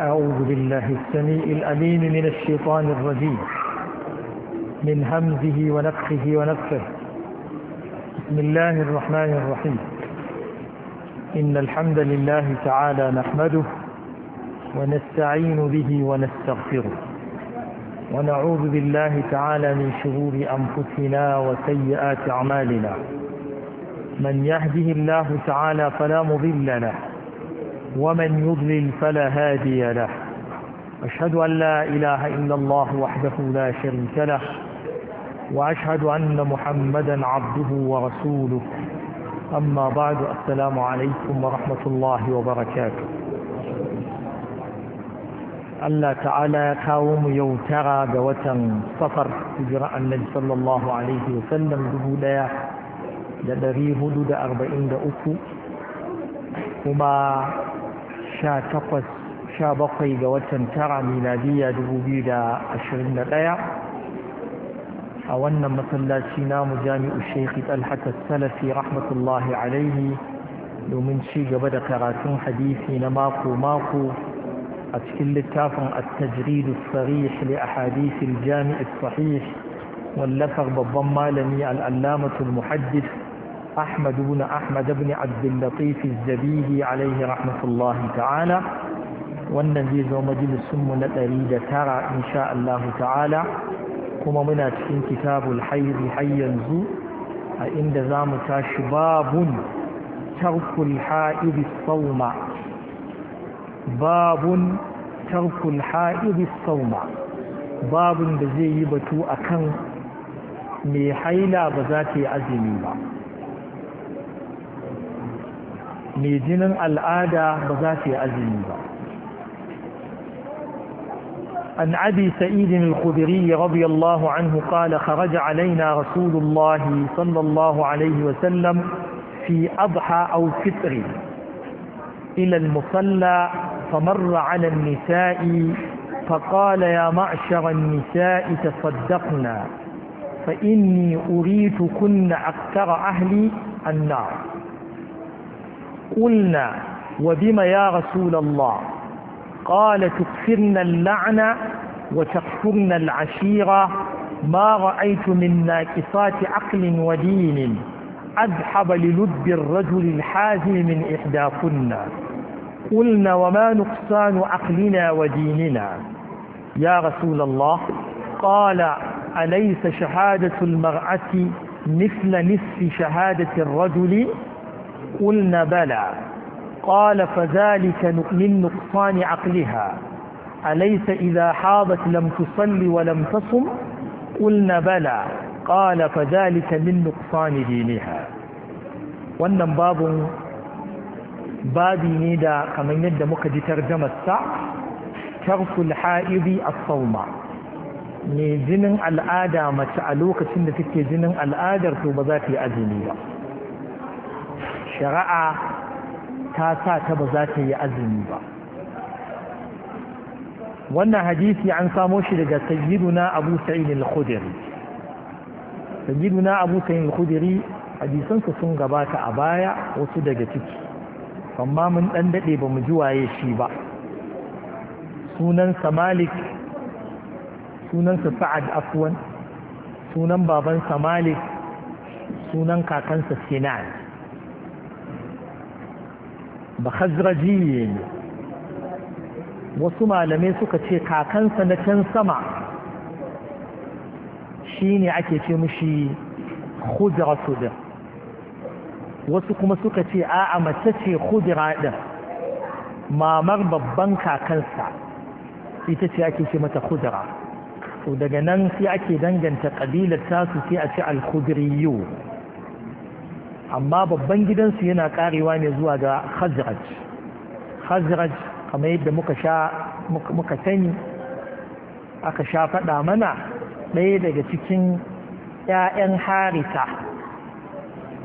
أعوذ بالله السميع الأمين من الشيطان الرجيم من همزه ونفخه ونفخه بسم الله الرحمن الرحيم إن الحمد لله تعالى نحمده ونستعين به ونستغفره ونعوذ بالله تعالى من شرور أنفسنا وسيئات أعمالنا من يهده الله تعالى فلا مضل له ومن يضلل فلا هادي له أشهد أن لا إله إلا الله وحده لا شريك له وأشهد أن محمدا عبده ورسوله أما بعد السلام عليكم ورحمة الله وبركاته ألا تعالى كاوم يوترى دوة سفر إجراء النبي صلى الله عليه وسلم بهدى لدري هدود أربعين أكو وما sha bakwai ga watan tara miladiya dubu ɗaya a wannan masallaci namu jami'u shekhi talhata salafi rahmatullahi alaihi domin ci gaba da karatun hadisi na mako-mako a cikin littafin at-tajridu sarih li ahadith al sahih wallafar babban malami al muhaddith أحمد بن أحمد بن عبد اللطيف الزبيدي عليه رحمة الله تعالى والنبي زو مجلس من الأريد ترى إن شاء الله تعالى كما من كتاب الحيض حيا زو عند زامتا شباب ترك الحائض الصوم باب ترك الحائض الصوم باب بزي بتو أكن mai haila ba za ta yi azumi ba mai jinin al'ada ba za ta yi azumi ba عن أبي سعيد الخدري رضي الله عنه قال خرج علينا رسول الله صلى الله عليه وسلم في أضحى أو فطر إلى المصلى فمر على النساء فقال يا معشر النساء تصدقنا فإني أريتكن أكثر أهلي النار قلنا وبما يا رسول الله قال تكفرن اللعنة وتكفرن العشيرة ما رأيت من ناقصات عقل ودين أذحب للب الرجل الحازم من إحداثنا قلنا وما نقصان عقلنا وديننا يا رسول الله قال أليس شهادة المرأة مثل نصف شهادة الرجل قلنا بلى قال فذلك من نقصان عقلها أليس إذا حاضت لم تصل ولم تصم قلنا بلى قال فذلك من نقصان دينها ونم باب بابي ندى كما يندى مكه ترجم ة السعر ترف الحائض الصوم من زمن الآدم ل تعلوك سنه في زمن ا ل آ د shari'a ta sa ta ba za ta yi azumi ba wannan hadisi an samo shi daga sayyiduna abu sa'id al-khudri sayyiduna abu sa'id al-khudri hadisansa sun gabata a baya wasu daga ciki amma mun dan dade ba mu ji waye shi ba sunansa malik sunansa sa'ad afwan sunan babansa malik sunan kakansa sinan ba khazrajiye ne wasu malamai suka ce kakansa na can sama shi ake ce mushi khudra din wasu kuma suka ce a'a mace ce khudra din mamar babban kakansa ita ce ake ce mata khudra to daga nan sai ake danganta kabilar tasu sai a ce al yau. amma babban gidansu yana karewa ne zuwa ga khazraj khazraj kamar yadda muka sha sani aka sha faɗa mana ɗaya daga cikin 'ya'yan harita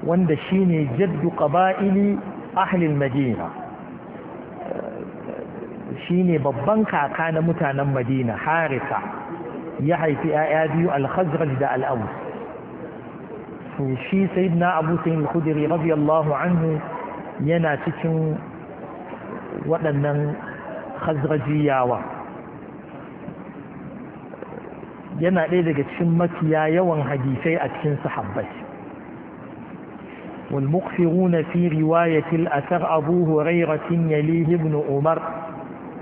wanda shine jaddu ƙaba'ili ahlil madina shine babban kaka na mutanen madina harita ya haifi 'ya'ya biyu al da al-aus shi sayyidina abu sayyid al-khudri radiyallahu anhu yana cikin waɗannan khazrajiyawa yana ɗaya daga cikin makiya yawan hadisai a cikin sahabbai wal fi athar abu yalih ibn umar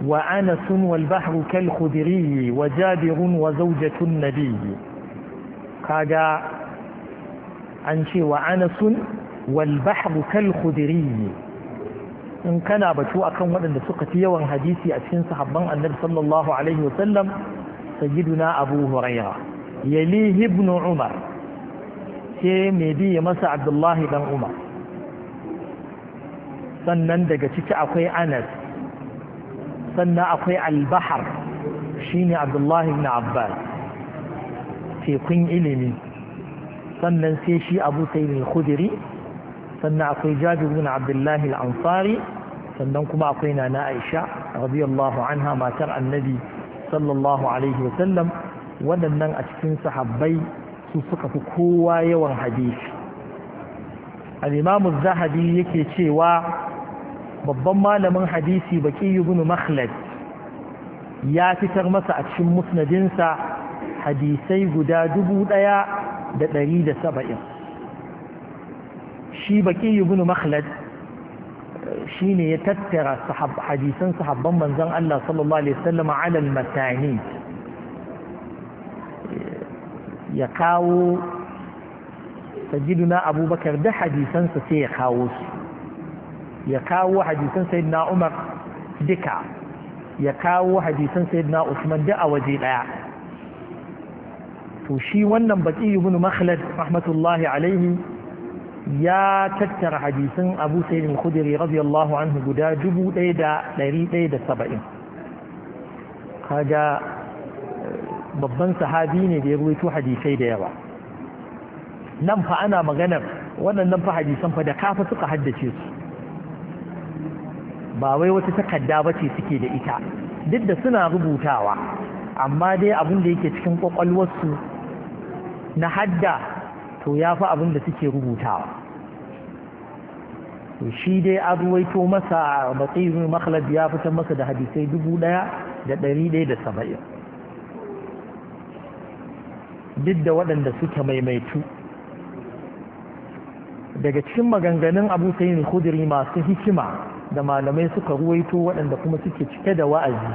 wa anas wal bahr kal khudri wa jabir wa zawjatu an nabi kaga an ce wa anasun wal bahru kal khudri in kana batu akan waɗanda suka fi yawan hadisi a cikin sahabban annabi sallallahu alaihi wasallam sayyiduna abu huraira yali ibn umar sai mai biye masa abdullahi dan umar sannan daga ciki akwai anas sannan akwai albahar shine abdullahi ibn abbas tekun ilimi sannan sai shi abu sai mai khudiri sannan akwai jabir bin abdullahi al-ansari sannan kuma akwai nana aisha radiyallahu anha matar annabi sallallahu alaihi wasallam waɗannan a cikin sahabbai su suka fi kowa yawan hadisi al zahabi yake cewa babban malamin hadisi baki ibn makhlad ya fitar masa a cikin musnadinsa hadisai guda dubu ɗaya da ɗari da saba'in shi baƙi ibn makhlad shi ne ya tattara hadisan sahabban manzan Allah sallallahu Alaihi wasallam alal matani ya kawo sajiduna abubakar da hadisansa sai ya kawo su ya kawo hadisan na umar duka ya kawo hadisan sayyidina usman da a waje daya to shi wannan baki ibn makhlad rahmatullahi alaihi ya tattara hadisin abu sayyid al-khudri radiyallahu anhu guda 1170 kaga eh, babban sahabi ne da ya ruwaito hadisai da yawa nan fa ana maganar waɗannan fa hadisan fa da kafa suka haddace su ba wai wata takarda ba ce suke da ita duk da suna rubutawa amma dai abin da yake cikin kwakwalwarsu na hadda to ya fi abin da suke rubutawa shi dai an ruwaito masa matsayin makhlad ya fita masa da hadisai dubu ɗaya da ɗari ɗaya da saba'in duk da waɗanda suke maimaitu daga cikin maganganun abu sayin kuduri masu hikima da malamai suka ruwaito waɗanda kuma suke cike da wa'azi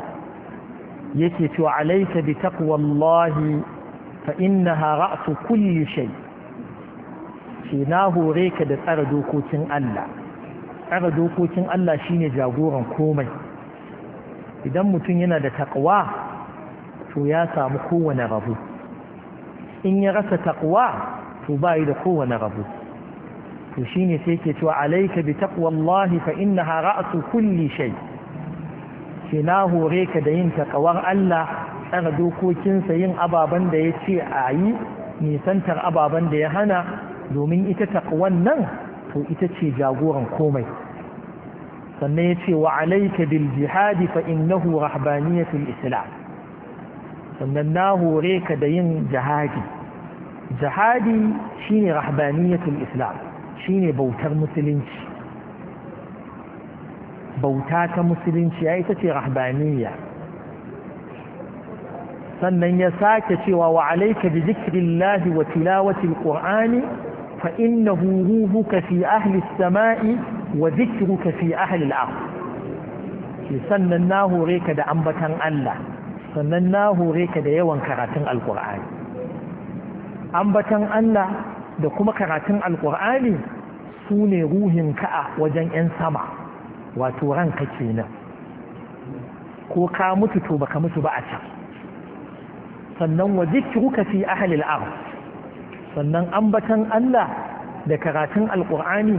yake cewa alaika bi takwallahi. فإنها رأس كل شيء na hore ka da tsara dokokin Allah tsara dokokin Allah shine jagoran komai idan mutum yana da takwa to ya samu kowane rabu in ya rasa takwa to bayi da kowane rabu to shine sai ke cewa alaika bi taqwallahi fa innaha ra'su kulli shay na hore ka da yin takawar Allah tsara dokokinsa yin ababen da ya ce a yi nisantar ababen da ya hana domin ita taƙwan nan to ita ce jagoran komai sannan ya ce wa alaika bil jihadi fa innahu rahbaniyatul islam sannan na hore ka da yin jihadi jihadi shine rahbaniyatul islam shine bautar musulunci bauta ta musulunci ya ita ce rahbaniya sannan ya sake cewa wa alaika bi zikrillahi wa tilawati alqur'ani fa innahu ruhuka fi ahli as-sama'i wa zikruka fi ahli al-ard sannan na hore ka da ambatan Allah sannan na hore ka da yawan karatun alqur'ani ambatan Allah da kuma karatun alqur'ani sune ruhin a wajen yan sama wato ranka kenan ko ka mutu to baka mutu ba a can sannan wa zikruka fi ahlil ard sannan ambatan Allah da karatun alqur'ani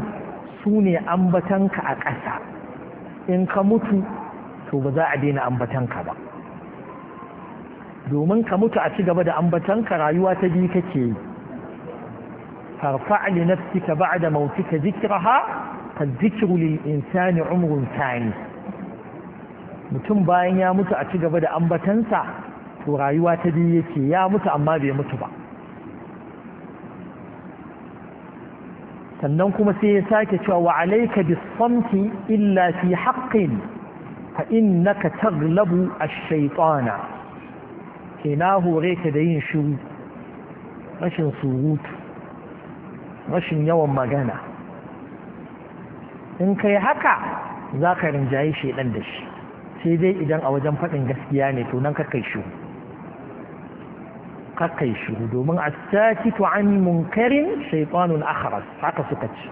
sune ambatanka a ƙasa in ka mutu to ba za a daina ambatanka ba domin ka mutu a ci gaba da ambatanka rayuwa ta biyu kake yi farfa li nafsika ba'da mautika zikraha fa zikru lil insani umrun thani mutum bayan ya mutu a ci gaba da ambatansa to rayuwa ta biyu yake ya mutu amma bai mutu ba sannan kuma sai ya sake cewa wa alaika bisamti illa fi haqqin fa innaka taglabu ash-shaytana kina hore ka da yin shiru rashin surutu rashin yawan magana in kai haka za ka rinjaye shaidan da shi sai dai idan a wajen faɗin gaskiya ne to nan ka kai shiru kakai shiru domin a tu an munkarin shaitanun akharas haka suka ci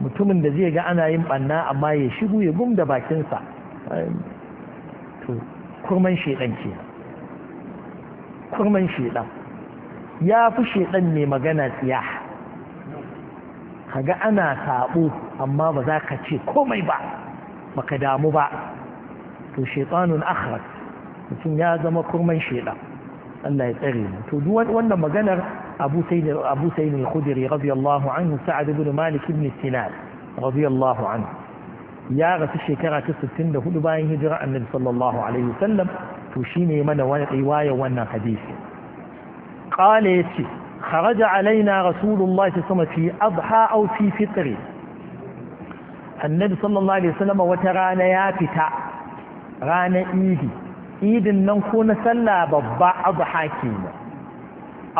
mutumin da zai ga ana yin banna amma ya shigo ya gum da bakinsa to kurman shaidan ke kurman shaidan ya fi shaidan mai magana tsiya kaga ana sabo amma ba za ka ce komai ba baka damu ba to shaitanun akharas mutum ya zama kurman shaidan الله يتغلم تدوان وانا مجانا ابو سيد ابو سيد الخدري رضي الله عنه سعد بن مالك بن السلال رضي الله عنه يا غس الشيكرا كس التند هدو باين هجرة النبي صلى الله عليه وسلم تشيني من رواية وانا حديث قال يتي خرج علينا رسول الله صلى الله عليه وسلم في أضحى أو في فطر النبي صلى الله عليه وسلم وترانا يا فتا رانا إيدي idin nan ko na sallah babba abu haki ne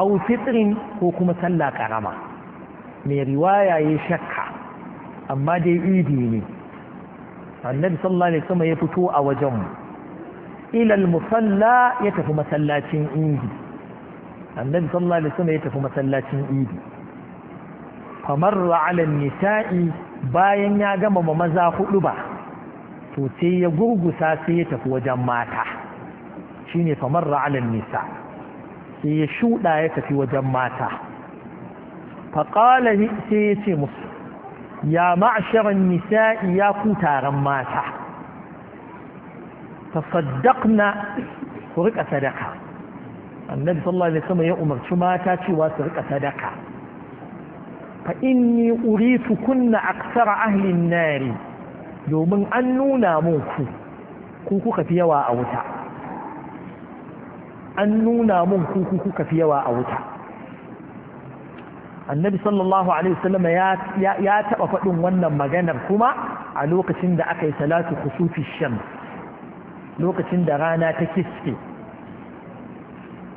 au fitrin ko kuma sallah karama mai riwaya ya shakka amma dai idi ne annabi sallallahu alaihi wasallam ya fito a wajen mu ila musalla ya tafi masallacin idi annabi sallallahu alaihi wasallam ya tafi masallacin idi famarra ala nisa'i bayan ya gama maza hudu ba to sai ya gurgusa sai ya tafi wajen mata shine famarra ala nisa sai ya shuɗa ya tafi wajen mata faƙala sai ya ce musu ya ma'asharan nisa'i ya ku taron mata tasaddaqna ku riƙa sadaka annabi sallallahu alaihi wasallam ya umarci mata cewa su riƙa sadaka fa inni uritu kunna aksara ahlin nari domin an nuna mun ku ku kuka fi yawa a wuta an nuna mun kuku kuka fi yawa a wuta annabi sallallahu alaihi wasallam ya taɓa faɗin wannan maganar kuma a lokacin da aka yi salatu kusufi shan lokacin da rana ta kiske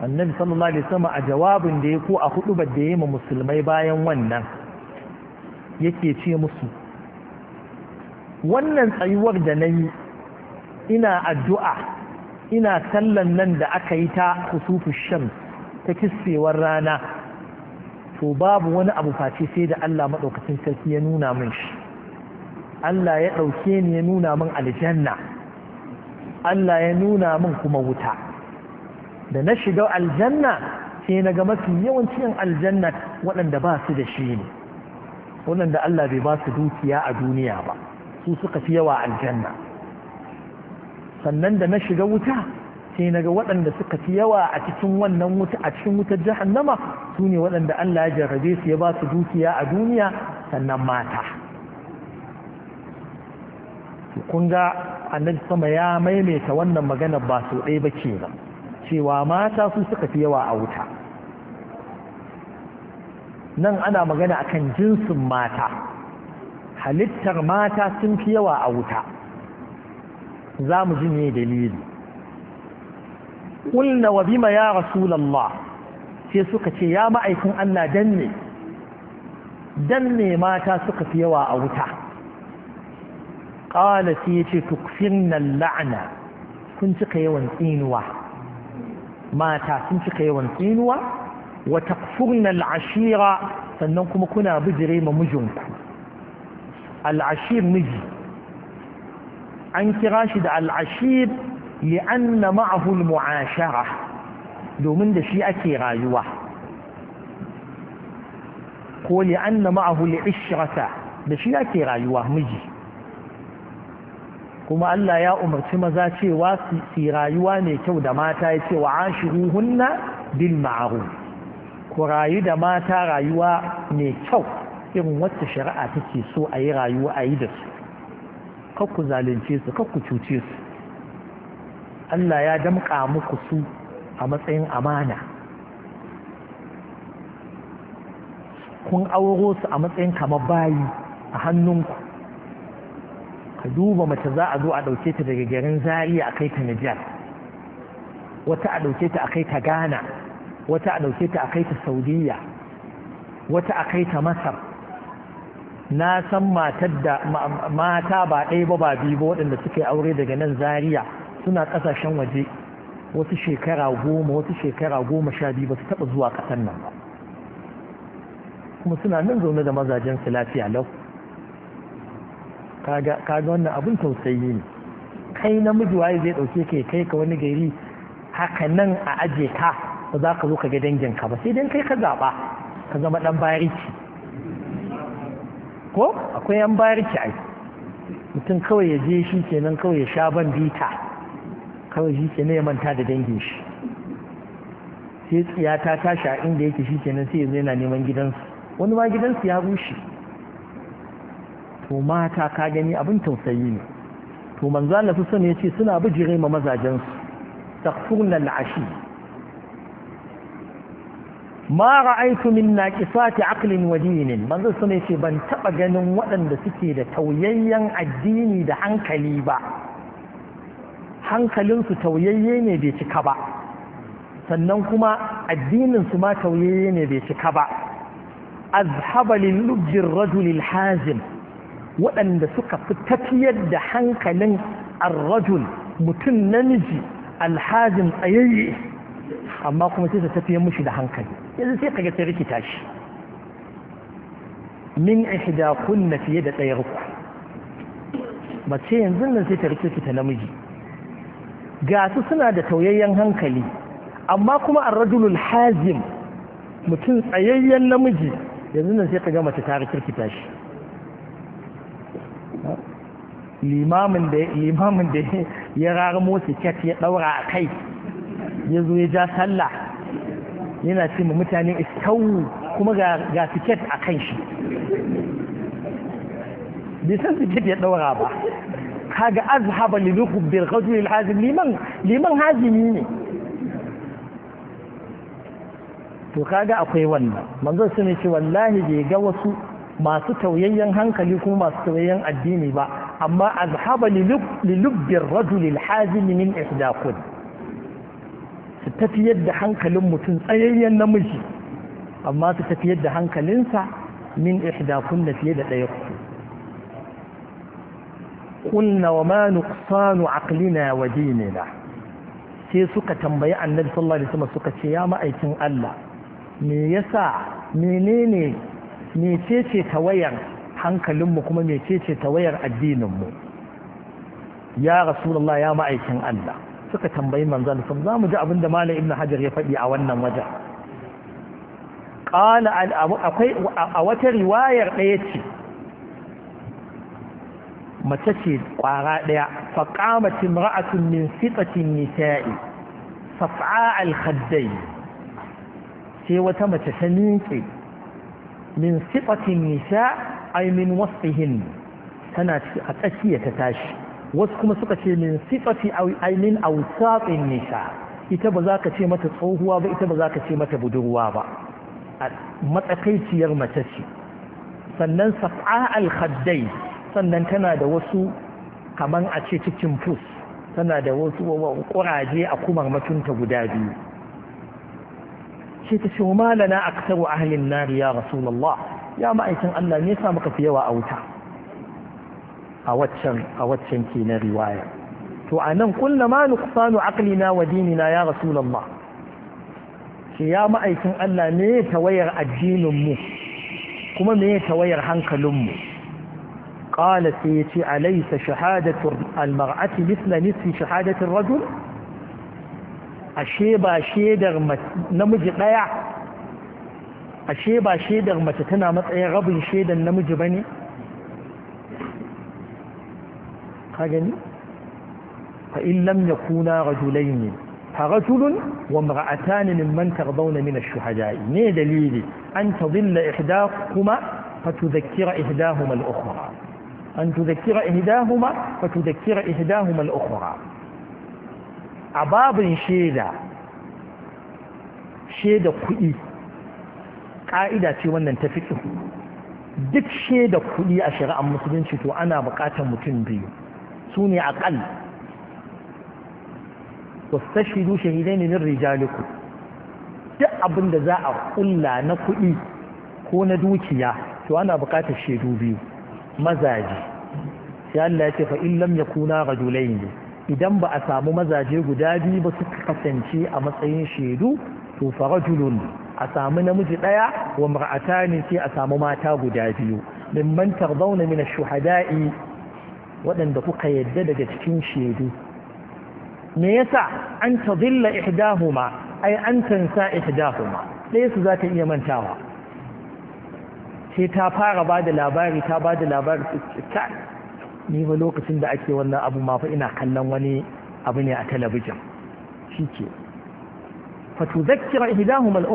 annabi sallallahu alaihi wasallam a jawabin da ya ko a ba da ya ma musulmai bayan wannan yake ce musu wannan tsayuwar da na yi ina addu'a ina sallan nan da aka yi ta kusufu sham ta kissewar rana to babu wani abu face sai da Allah maɗaukacin sarki ya nuna min shi Allah ya ɗauke ni ya nuna min aljanna Allah ya nuna min kuma wuta da na shiga aljanna sai na ga mafi yawancin aljanna waɗanda ba su da shi ne waɗanda Allah bai ba su dukiya a duniya ba su suka fi yawa aljanna sannan da na shiga wuta sai naga waɗanda suka fi yawa a cikin wannan wuta a cikin wutar jahannama su ne waɗanda Allah ya jarrabe su ya ba su dukiya a duniya sannan mata kun ga annabi sama ya maimaita wannan magana ba sau ɗaya ba ke ba cewa mata su suka fi yawa a wuta nan ana magana akan jinsin mata halittar mata sun fi yawa a wuta za mu ji ne dalili ƙulna wa bima ya rasulallah sai suka ce ya ma'aikun Allah danne danne mata suka fi yawa a wuta ƙala sai ya ce nan la'ana kun cika yawan tsinuwa mata sun cika yawan tsinuwa wa takfurnan al'ashira, sannan kuma kuna bijire ma mijinku al'ashir miji an kira shi da al'ashir li'anna ma'ahul mu'ashara domin da shi ake rayuwa ko li'anna ma'ahul ishirata da shi ake rayuwa miji kuma Allah ya umarci maza cewa su rayuwa ne kyau da mata ya ce wa ashiruhunna bil ma'ruf ku rayu da mata rayuwa mai kyau irin wacce shari'a take so a yi rayuwa a yi da su ku zalunce su kakku cuce su Allah ya damƙa muku su a matsayin amana kun auro su a matsayin kamar bayi a hannunku ka duba mace za a zo a ɗauke ta daga garin zariya a kai ta Nijar wata a ɗauke ta a kai ta Ghana wata a ɗauke ta a kai ta Saudiya wata a kai ta Masar na san matar da mata ba ɗaya ba ba biyu ba waɗanda suka yi aure daga nan Zariya suna ƙasashen waje wasu shekara goma wasu shekara goma sha biyu ba su taɓa zuwa ƙasar nan ba kuma suna nan zaune da mazajen su lafiya lau kaga wannan abin tausayi ne kai namiji waye zai ɗauke ka kai ka wani gari haka nan a aje ka ba za ka zo ka ga danginka ba sai dan kai ka zaɓa ka zama ɗan bariki ko akwai yan ki ai mutum kawai ya je shi kenan kawai ya sha ban bita kawai shi kenan ya manta da dangin shi sai tsiya ta tashi a inda yake shi kenan sai ya zo yana neman gidansu wani ma gidansu ya rushe to mata ka gani abin tausayi ne to manzo Allah su ne yace suna bijire ma mazajen su takfurna ma ra'aitu min naqisati aqlin wa dinin manzo sun ce ban taba ganin waɗanda suke da tauyayyen addini da hankali ba hankalinsu tauyayye ne bai cika ba sannan kuma addinin su ma tauyayye ne bai cika ba azhaba lil lubjir rajul hazim waɗanda suka fi tafiyar da hankalin ar-rajul mutum namiji alhazin tsayayye amma kuma sai ta tafiyar mushi da hankali yanzu sai kaga sai rikita shi min ihda kunna fiye da tsayar ku mace yanzu nan sai ta rikita namiji ga su suna da tauyayyen hankali amma kuma ar-rajulul hazim mutum tsayayyen namiji yanzu nan sai kaga mace ta rikita shi limamin da limamin da ya raramo ya daura a kai ya zo ya ja sallah yana ce ma mutane istawu kuma ga tiket a kan shi bai san tiket ya ɗaura ba kaga azhaba li ruhub bil ghazwi al liman liman hazimi ne to kaga akwai wannan manzon sun ce wallahi bai ga wasu masu tauyayyen hankali kuma masu tauyayyen addini ba amma azhaba li bil rajul al hazim min ihdaqun su tafiyar da hankalin mutum tsayayyen namiji amma su tafiyar da hankalinsa min ihdakun da fiye da ɗaya ku kunna wa ma nuqsanu aqlina wa dinina sai suka tambayi annabi sallallahu alaihi wasallam suka ce ya ma'aikin Allah me yasa menene me ce tawayar hankalinmu kuma me ce tawayar mu ya rasulullahi ya ma'aikin Allah suka tambayi manzan sun za mu ji abin da malam ibn hajar ya faɗi a wannan wajen ƙala akwai a wata riwayar ɗaya ce mace ce ƙwara ɗaya faƙamacin ra'atun min fitacin nisa'i safa alhaddai sai wata mace ta ninke min sifacin nisa ai min wasfihin tana a tsakiya ta tashi wasu kuma suka ce min sifati ainin awsaqin nisa ita ba za ka ce mata tsohuwa ba ita ba za ka ce mata budurwa ba matsakaiciyar mace ce sannan saf'a al-khaddai sannan tana da wasu kamar a ce cikin fus tana da wasu kuraje a kumar matunta guda biyu ce ta ce ma lana aktaru ahlin nari ya rasulullah ya ma'aikin Allah ne yasa muka fi yawa a wuta a waccan a waccan ke na riwaya to a nan kulla ma nuqsanu aqlina wa dinina ya rasulullah shi ya ma'aikin Allah ne tawayar addinin mu kuma me tawayar hankalin mu قال سيتي أليس شهادة المرأة مثل نصف شهادة الرجل ashe ba shedar namiji ɗaya ashe ba shedar mace tana matsayin rabin shedar namiji ba ne ka gani fa in lam yakuna rajulain fa rajulun wa imra'atan mimman tardawna min ash-shuhada'i ne dalili an tadilla ihdahuma fa tudhakkira ihdahuma al-ukhra an tudhakkira ihdahuma fa tudhakkira ihdahuma al-ukhra ababin shaida shaida kudi ƙa'ida ce wannan ta fiƙi duk shaida kudi a shari'ar musulunci to ana buƙatar mutum biyu su ne aƙal wastashidu shahidai ne duk abin da za a ƙulla na kuɗi ko na dukiya to ana buƙatar shaidu biyu mazaje sai Allah ya ce fa in yakuna rajulain idan ba a samu mazaje guda biyu ba suka kasance a matsayin shaidu to fa rajulun a samu namiji daya wa mar'atani sai a samu mata guda biyu mimman tardawna min ash-shuhada'i waɗanda kuka yadda daga cikin shaidu me yasa an tadilla ihdahuma ai an tansa ihdahuma ɗaya su za ta iya mantawa sai ta fara ba da labari ta ba da labari ta ni ba lokacin da ake wannan abu ma fa ina kallon wani abu ne a talabijin shi ke fatu zakkira ihdahuma al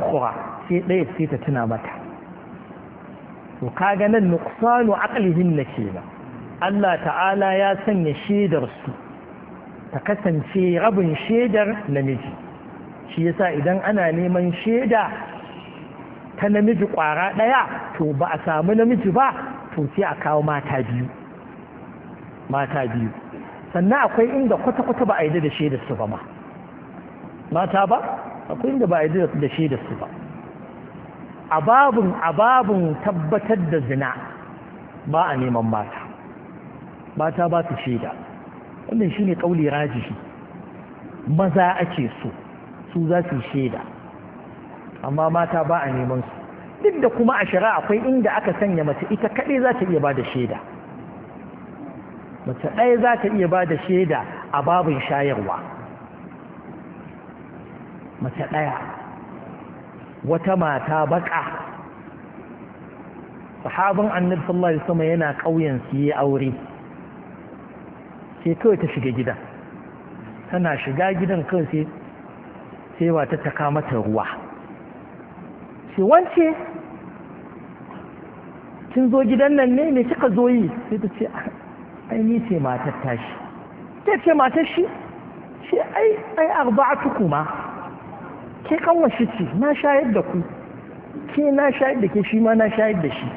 sai ɗaya sai ta tuna mata to kaga nan nuqsanu aqlihin na kenan Allah ta'ala ya sanya su ta kasance rabin shaidar namiji shi yasa idan ana neman shaida ta namiji kwara ɗaya to ba a samu namiji ba to sai a kawo mata biyu mata biyu sannan akwai inda kwata-kwata ba a yi da su ba ma mata ba akwai inda ba a yi da su ba ababun ababun tabbatar da zina ba a neman mata mata ba su shaida wannan shine kauli rajihi maza ake so su za su shaida amma mata ba a neman su duk da kuma a shari'a akwai inda aka sanya mace ita kaɗai za ta iya ba da shaida mace ɗaya za ta iya ba da shaida a babin shayarwa mace ɗaya wata mata baƙa sahabin annabi sallallahu alaihi wasallam yana ƙauyen su yi aure sai kawai ta shiga gidan tana shiga gidan kawai sai sai wata ta kama ta ruwa sai wance kin zo gidan nan ne me kika zo yi sai ta ce ai ni ce matar tashi ta ce matar shi ce ai ai arba'atu kuma ke kan shi ce na shayar da ku ke na shayar da ke shi ma na shayar da shi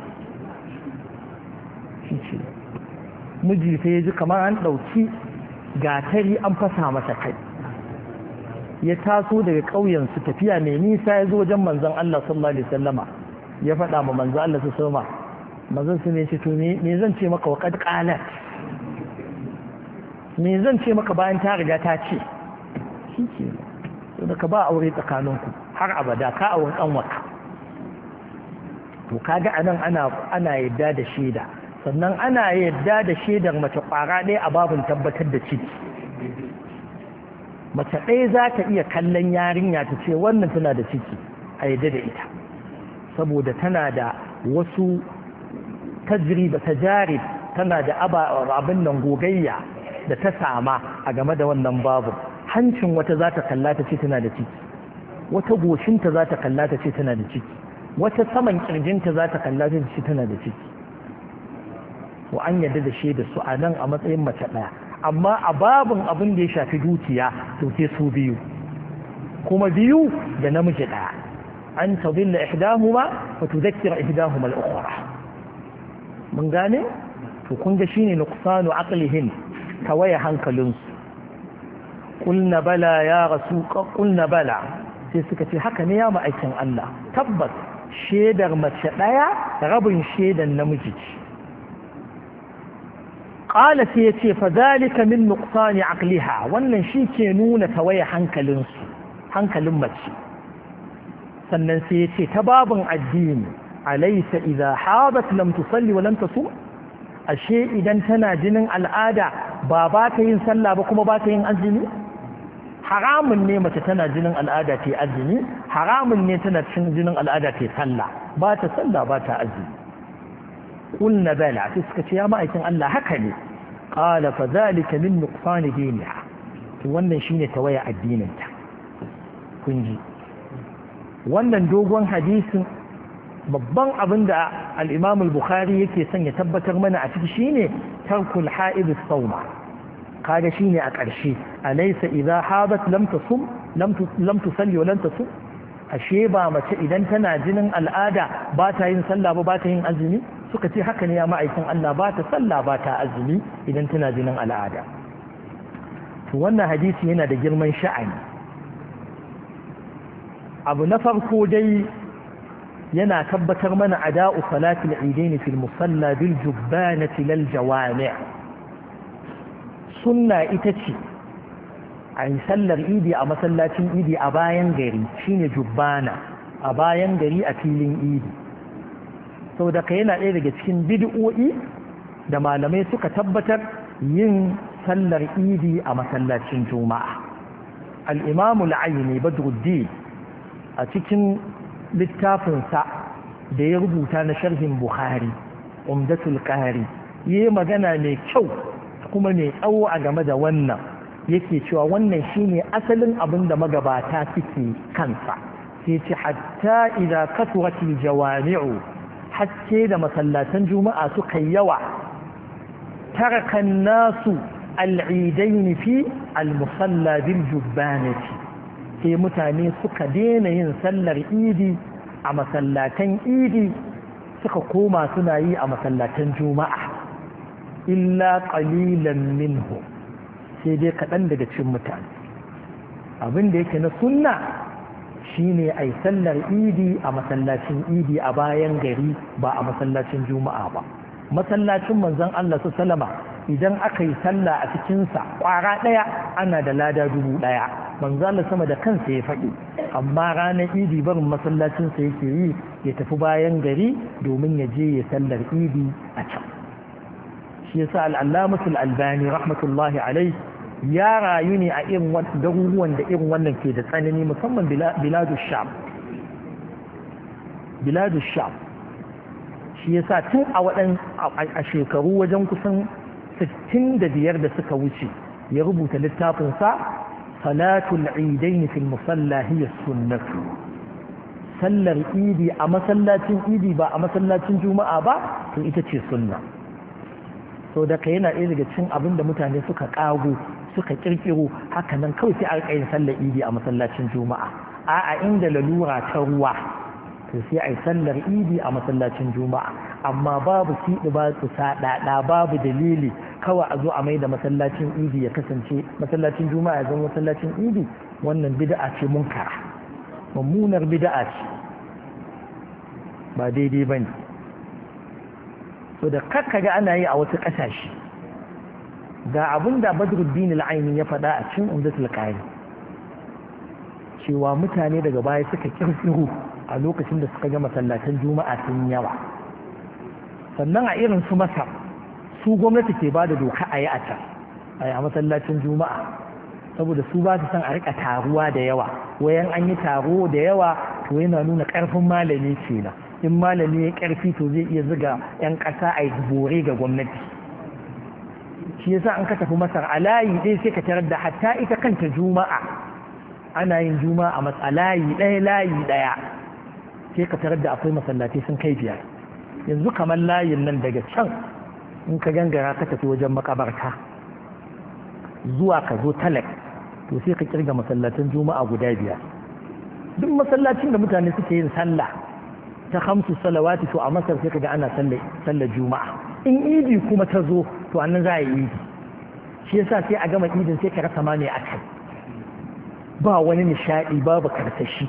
miji sai ya ji kamar an ɗauki gatari an fasa masa kai ya taso daga ƙauyen su tafiya mai nisa ya zo wajen manzon Allah sallallahu alaihi wasallama ya faɗa ma manzon Allah sallallahu alaihi wasallama manzon su ne ce to me zan ce maka wa qad qalat me zan ce maka bayan ta riga ta ce shi ke to da ka ba aure tsakaninku har abada ka auren kanwarka to kaga anan ana ana yadda da shaida sannan ana yadda da shaidar mace kwara ɗaya a babin tabbatar da ciki mace ɗaya za ta iya kallon yarinya ta ce wannan tana da ciki a yadda da ita saboda tana da wasu tajriba jari tana da abin nan gogayya da ta sama a game da wannan babu hancin wata za ta kalla ta ce tana da ciki wata goshinta za ta kalla ta ce tana da ciki wata saman kirjinta za ta kalla ta ce tana da ciki to an yadda da shi da su a nan a matsayin mace ɗaya amma a babin abin da ya shafi dukiya to sai su biyu kuma biyu da namiji ɗaya an tadilla ihdahuma wa tudhakkira ihdahuma al-ukhra mun gane to kun ga shine nuqsanu aqlihim tawaya hankalinsu kulna bala ya rasu kulna bala sai suka ce haka ne ya aikin Allah tabbas shedar mace ɗaya rabin shedar namiji ce ƙala sai ya ce fa min nuksani akliha wannan shi ke nuna tawaye waya hankalin mace sannan sai ya ce ta babin addini alaysa iza habat lam tusalli wa lam ashe idan tana jinin al'ada ba ba ta yin sallah ba kuma ba ta yin azumi haramun ne mace tana jinin al'ada ta yi azumi haramun ne tana cin jinin al'ada ta yi sallah ba ta sallah ba ta azumi kunna bala sai suka ce ya ma'aikin Allah haka ne qala fa zalika min nuqsan diniha to wannan shine tawaya addinin ta kun ji wannan dogon hadisin babban abin da al-Imam al-Bukhari yake son ya tabbatar mana a ciki shine tarkul ha'id as-sawma kaga shine a ƙarshe alaysa idha habat lam tasum lam lam tusalli wa lam ashe ba mace idan tana jinin al'ada ba ta yin sallah ba ba ta yin azumi suka ce haka ne ya ma'aikin Allah ba ta sallah ba ta azumi idan tana jinin al'ada to wannan hadisi yana da girman sha'ani abu na farko dai yana tabbatar mana ada'u salatul idaini fil musalla bil jubbanati lil jawami' sunna ita ce a sallar idi a masallacin idi a bayan gari shine jubbana a bayan gari a filin idi sau da ka yana ɗaya daga cikin bid'o'i da malamai suka tabbatar yin sallar idi a masallacin juma'a Al-Imamu aini Badruddi a cikin littafinsa da ya rubuta na sharhin buhari umdatul ya yi magana mai kyau kuma mai tsawo a game da wannan yake cewa wannan shine asalin abin da magabata suke kansa sai ce hatta idza kasuwatil jawami'u haske da masallatan juma'a suka yawa tarakan nasu al'idaini fi al-musalla sai mutane suka daina yin sallar idi a masallatan idi suka koma suna yi a masallatan juma'a illa qalilan minhu sai dai kaɗan daga cikin mutane abin da yake na sunna shine ai sallar idi a masallacin idi a bayan gari ba a masallacin juma'a ba masallacin manzon Allah su salama idan aka yi sallah a cikinsa kwara ɗaya ana da lada dubu ɗaya manzo Allah sama da kansa ya faɗi amma ranar idi barin masallacinsa yake yi ya tafi bayan gari domin ya je ya sallar idi a can shi yasa al albani rahmatullahi alaihi ya rayu ne a irin garuruwan da irin wannan ke da tsanani musamman biladu sham biladu sham shi sa tun a waɗan a shekaru wajen kusan 65 da suka wuce ya rubuta littafinsa salatul idaini fil musalla hiya sallar idi a masallacin idi ba a masallacin juma'a ba to ita ce sunna so da ka yana ɗaya daga cin abin da mutane suka ƙago suka kirkiro haka nan kawai sai a yin sallar idi a masallacin juma'a a'a inda lalura ta ruwa to sai a yi sallar idi a masallacin juma'a amma babu kiɗi ba su saɗaɗa babu dalili kawai a zo a mai da masallacin idi ya kasance masallacin juma'a ya zama masallacin idi wannan bid'a ce munkara mummunar bid'a ce ba daidai bane to da kakkaga ana yi a wasu ƙasashe ga abin da badruddin al'aini ya faɗa a cin umdatul qari cewa mutane daga baya suka kirkiro a lokacin da suka ga masallatan juma'a sun yawa sannan a irin su masa su gwamnati ke bada doka a yi a can a yi a masallacin juma'a saboda su ba su san a rika taruwa da yawa wayan an yi taro da yawa to yana nuna karfin malami kenan in malami ya karfi to zai iya ziga yan ƙasa a bore ga gwamnati shi yasa an ka tafi masar a layi ɗaya sai ka tarar da hatta ita kanta juma'a ana yin juma'a a layi ɗaya layi ɗaya sai ka tarar da akwai masallatai sun kai biyar yanzu kamar layin nan daga can in ka gangara ka tafi wajen makabarta zuwa ka zo talak to sai ka kirga masallatan juma'a guda biyar duk masallacin da mutane suke yin sallah ta hamsu salawati to a masar sai ka ga ana sallar juma'a in idi kuma ta zo to annan za a yi shi yasa sai a gama idin sai ka rasa ma ne akai ba wani nishadi babu karsashi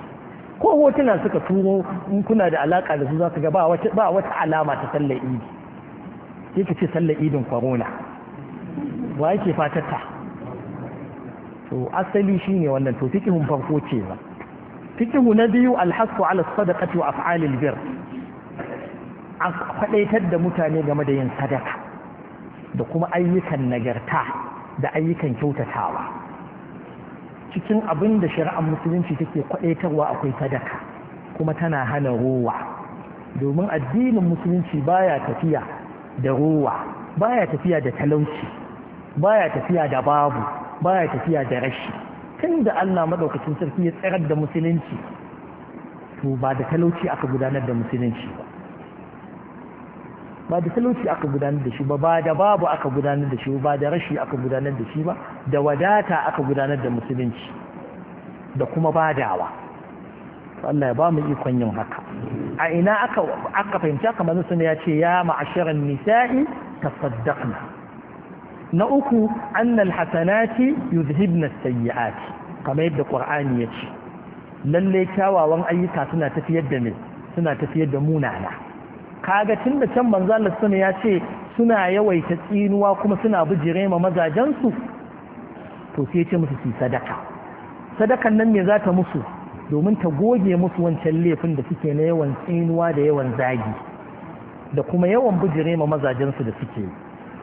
ko hotuna suka turo in kuna da alaka da su za su ga ba wata alama ta sallar idi sai ka ce sallar idin corona wa yake fatarta to asali shine wannan to fikihun farko ce ba fikihu na biyu alhasu ala sadaqati wa af'alil bir a faɗaitar da mutane game da yin sadaka da kuma ayyukan nagarta da ayyukan kyautatawa cikin abin da shari'ar musulunci take kwadaitarwa akwai sadaka kuma tana hana rowa domin addinin musulunci baya tafiya da rowa baya tafiya da talauci baya tafiya da babu baya tafiya da rashi tun da Allah maɗaukacin sarki ya tsirar da musulunci to ba da talauci aka gudanar da musulunci ba ba da talauci aka gudanar da shi ba ba da babu aka gudanar da shi ba da rashi aka gudanar da shi ba da wadata aka gudanar da musulunci da kuma badawa Allah ya ba mu ikon yin haka a ina aka aka fahimta kamar sun ya ce ya ma'asharan nisa'i tasaddaqna na uku annal hasanati yuzhibna as-sayyi'at kamar yadda Qur'ani ya ce lalle kyawawan ayyuka suna tafiyar da me suna tafiyar da munana kaga tun da can manzo Allah ya ce suna yawaita tsinuwa kuma suna bijire ma mazajen su to sai ya ce musu su sadaka sadakan nan me za ta musu domin ta goge musu wancan laifin da suke na yawan tsinuwa da yawan zagi da kuma yawan bijire ma mazajen su da suke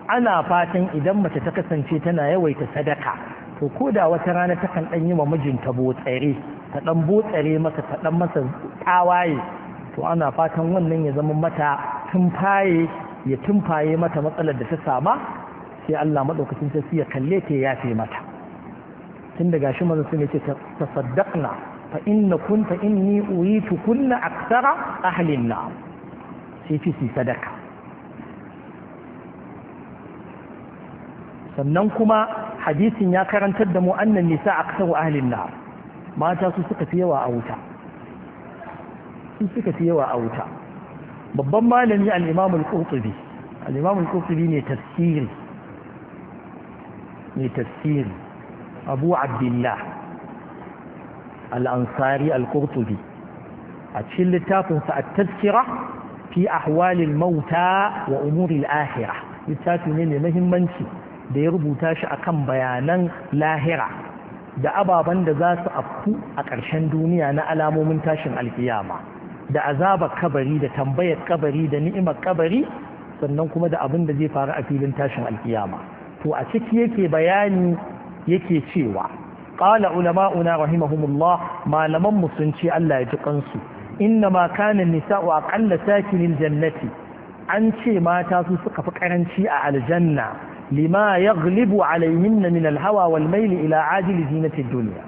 ana fatan idan mace ta kasance tana yawaita sadaka to ko da wata rana takan ɗan yi wa mijinta botsare ta ɗan botsare masa ta ɗan masa tawaye to ana fatan wannan ya zama mata tumfaye ya tumfaye mata matsalar da ta sama sai Allah madaukakin sai ya kalle ta ya fi mata tun daga shi mazan sun yace ta saddaqna fa inna kunta inni uyitu kunna ahli an na sai ci si sadaka sannan kuma hadisin ya karantar da mu annan nisa ahli an na mata su suka fi yawa a wuta su suka fi yawa a wuta babban malami al-imam al ne tafsiri ne tafsiri abu abdullah al'ansari ansari a cikin littafinsa a taskira fi ahwalil mauta wa umuril ahira littafi ne mai muhimmanci da ya rubuta shi akan bayanan lahira da ababen da za su afku a ƙarshen duniya na alamomin tashin alkiyama da azabar kabari da tambayar kabari da ni'imar kabari sannan kuma da abin da zai faru a filin tashin alkiyama to a ciki yake bayani yake cewa qala ulama'una rahimahumullah malaman mu sun ce Allah ya ji kansu innama kana nisa'u aqalla sakinil jannati an ce mata su suka fi karanci a aljanna lima yaghlibu alayhinna min alhawa wal mayl ila ajili zinati dunya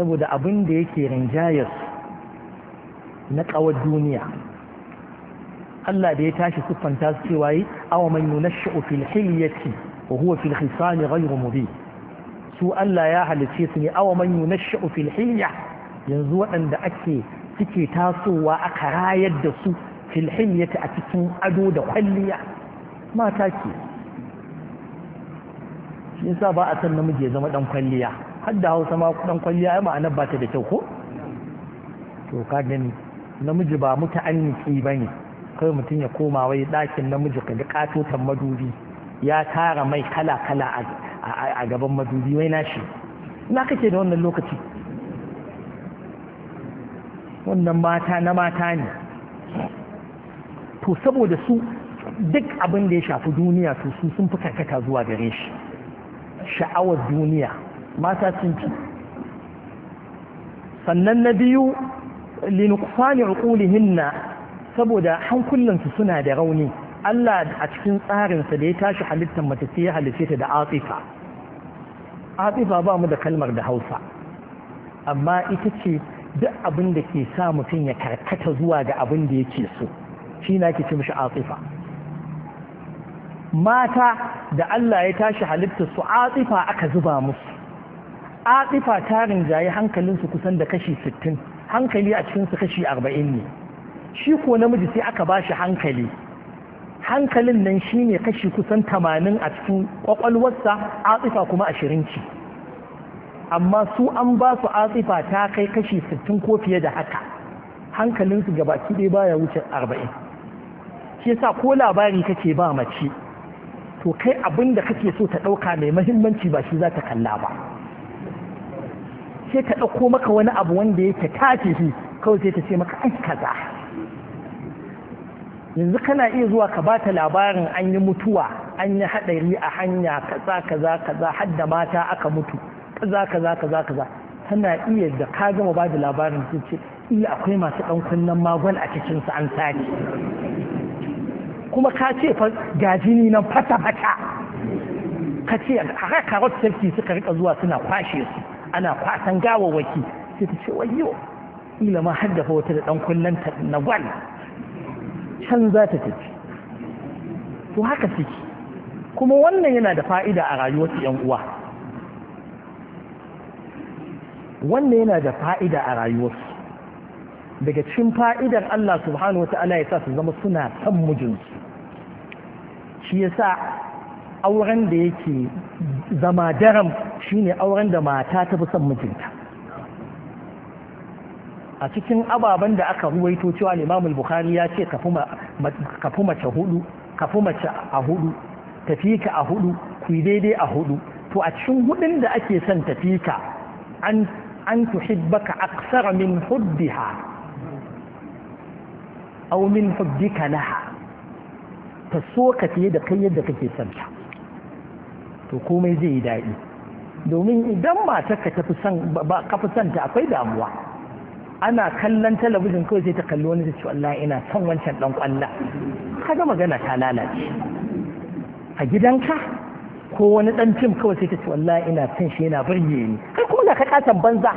saboda abin da yake rinjayar na ƙawar duniya Allah da ya tashi siffanta su cewa yi awa man yunashu fil hilyati wa huwa fil khisami ghayru mubin su Allah ya halice su ne awa man yunashu fil hilya yanzu waɗanda ake suke tasowa aka rayar da su fil hilyati a cikin ado da kwalliya mata ke shi yasa ba a san namiji ya zama dan kwalliya har da Hausa ma dan kwalliya ai ma'anar ba ta da kyau ko to ka gani namiji ba muta'anniki bane kai mutum ya koma wai dakin namiji kaga katotan madubi ya tara mai kala kala a gaban madubi wai nashi ina kake da wannan lokaci wannan mata na mata ne to saboda su duk abin da ya shafi duniya to su sun fi karkata zuwa gare shi sha'awar duniya mata sun ci sannan na biyu linukfani uqulihinna saboda hankulansu suna da rauni Allah a cikin tsarinsa da ya tashi halittar mata sai ya halice ta da atifa atifa ba mu da kalmar da Hausa amma ita ce duk abin da ke sa mutum ya karkata zuwa ga abin da yake so shi na ke ce mishi atifa mata da Allah ya tashi halittar su atifa aka zuba musu atifa tarin jayi hankalinsu kusan da kashi sittin hankali a cikinsu kashi arba'in ne shi ko namiji sai aka ba shi hankali hankalin nan shi ne kashi kusan tamanin a cikin kwakwalwarsa atsifa kuma ashirin ce amma su an ba su atsifa ta kai kashi sittin ko fiye da haka hankalinsu gaba ɗaya baya wuce arba'in shi yasa ko labari kake ba mace to kai abin da kake so ta ɗauka mai mahimmanci ba shi za ta kalla ba sai ta ɗauko maka wani abu wanda yake tafi shi kawai sai ta ce maka ai kaza yanzu kana iya zuwa ka ba ta labarin an yi mutuwa an yi haɗari a hanya kaza kaza kaza har mata aka mutu kaza kaza kaza kaza tana iya da ka gama ba da labarin sai ce iya akwai masu ɗan kunnen magon a cikin su an sace kuma ka ce fa gajini nan fata fata ka ce a haka karot sarki suka rika zuwa suna kwashe su ana fatan gawawaki sai ta ce wayo ila ma haddafa wata da ɗan ta na gwal can za ta tafi to haka suke kuma wannan yana da fa'ida a rayuwar yan uwa wannan yana da fa'ida a rayuwarsu daga cikin fa'idar Allah subhanahu wa ta'ala ya sa su zama suna san mijinsu shi yasa auren da yake zama daram shine auren da mata ta fi son mijinta a cikin ababen da aka ruwaito cewa limamul bukhari ya ce kafi mace hudu kafi mace a hudu tafi ka a hudu ku daidai a hudu to a cikin hudun da ake son tafi ka an tuhibbaka aksara min huddiha aw min huddika laha ta so ka fiye da kai yadda kake son ta to komai zai yi daɗi domin idan matarka ta fi son ba ka fi son ta akwai damuwa ana kallon talabijin kawai sai ta kalli wani ta Allah ina son wancan dan kwalla kada magana ta lalace a gidanka ko wani dan fim kawai sai ta ce Allah ina son shi yana burge ni kai kuma na ka katan banza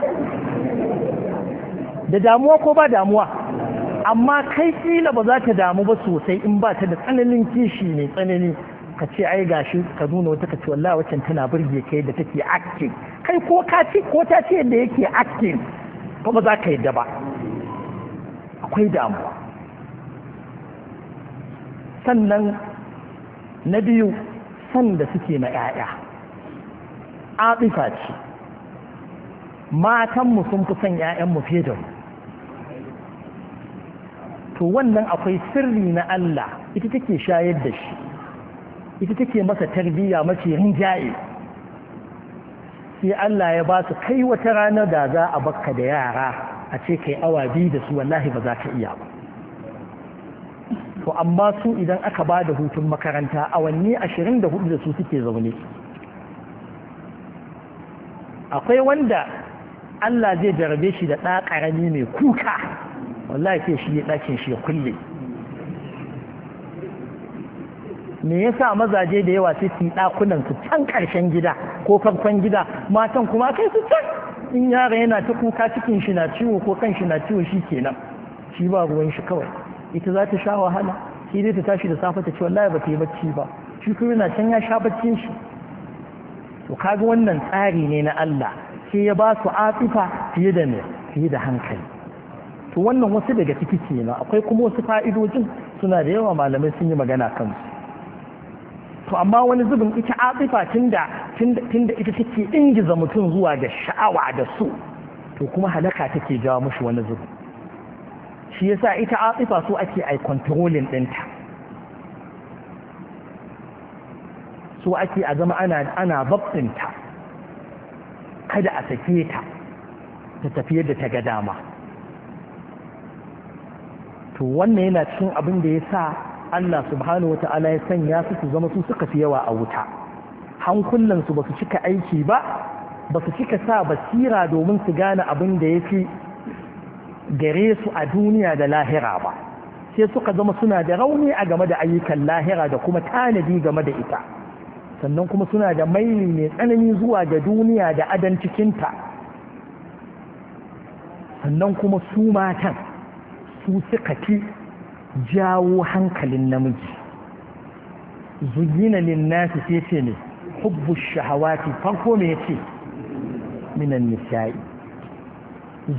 da damuwa ko ba damuwa amma kai kila ba za ta damu ba sosai in ba ta da tsananin kishi ne tsanani ka ce ai gashi ka nuna wata ka ce wallahi wacce tana burge ka yadda take acting kai ko ka ce ko ta ce yadda yake acting ba ba za ka yadda ba akwai damuwa sannan na biyu san da suke na 'ya'ya aɗifa ce matanmu sun fi son mu fiye da mu to wannan akwai sirri na Allah ita take shayar da shi ita take masa tarbiyya mace rinjaye sai Allah ya ba su kai wata rana da za a bakka da yara a ce kai awa biyu da su wallahi ba za ka iya ba to amma su idan aka ba da hutun makaranta awanni ashirin da hudu da su suke zaune akwai wanda Allah zai jarabe shi da ɗa ƙarami mai kuka wallahi ke shi ne ɗakin shi ya kulle me yasa mazaje da yawa sai su dakunan su can ƙarshen gida ko farkon gida matan kuma kai su can in yara yana ta kuka cikin shi na ciwo ko kan shi na ciwo shi kenan shi ba ruwan shi kawai ita za ta sha wahala sai dai ta tashi da safe ta ce wallahi ba ta yi bacci ba shi kuma yana can ya sha baccin shi to kaga wannan tsari ne na Allah sai ya ba su atifa fiye da me fiye da hankali to wannan wasu daga ciki kenan akwai kuma wasu fa'idojin suna da yawa malamai sun yi magana kansu to amma wani zubin ita asifa tunda tunda ita take ingiza mutum zuwa ga sha'awa da su to kuma halaka take jawo mushi wani zubin shi yasa ita asifa so ake ai controlling ɗinta so ake a zama ana ana babbinta kada a sake ta ta tafi yadda ta ga dama to wannan yana cikin abin da ya sa Allah subhanahu wata'ala ya sanya su su zama su suka fi yawa a wuta hankulan su ba su cika aiki ba ba su cika sa basira domin su gane abin da yafi gare su a duniya da lahira ba sai suka zama suna da rauni a game da ayyukan lahira da kuma tanadi game da ita sannan kuma suna da maili mai tsanani zuwa ga duniya da adan cikinta sannan kuma su matan su suka fi jawo hankalin namiji zuyina linnasi sai ce ne hubbu shahawati farko me yace minan nisa'i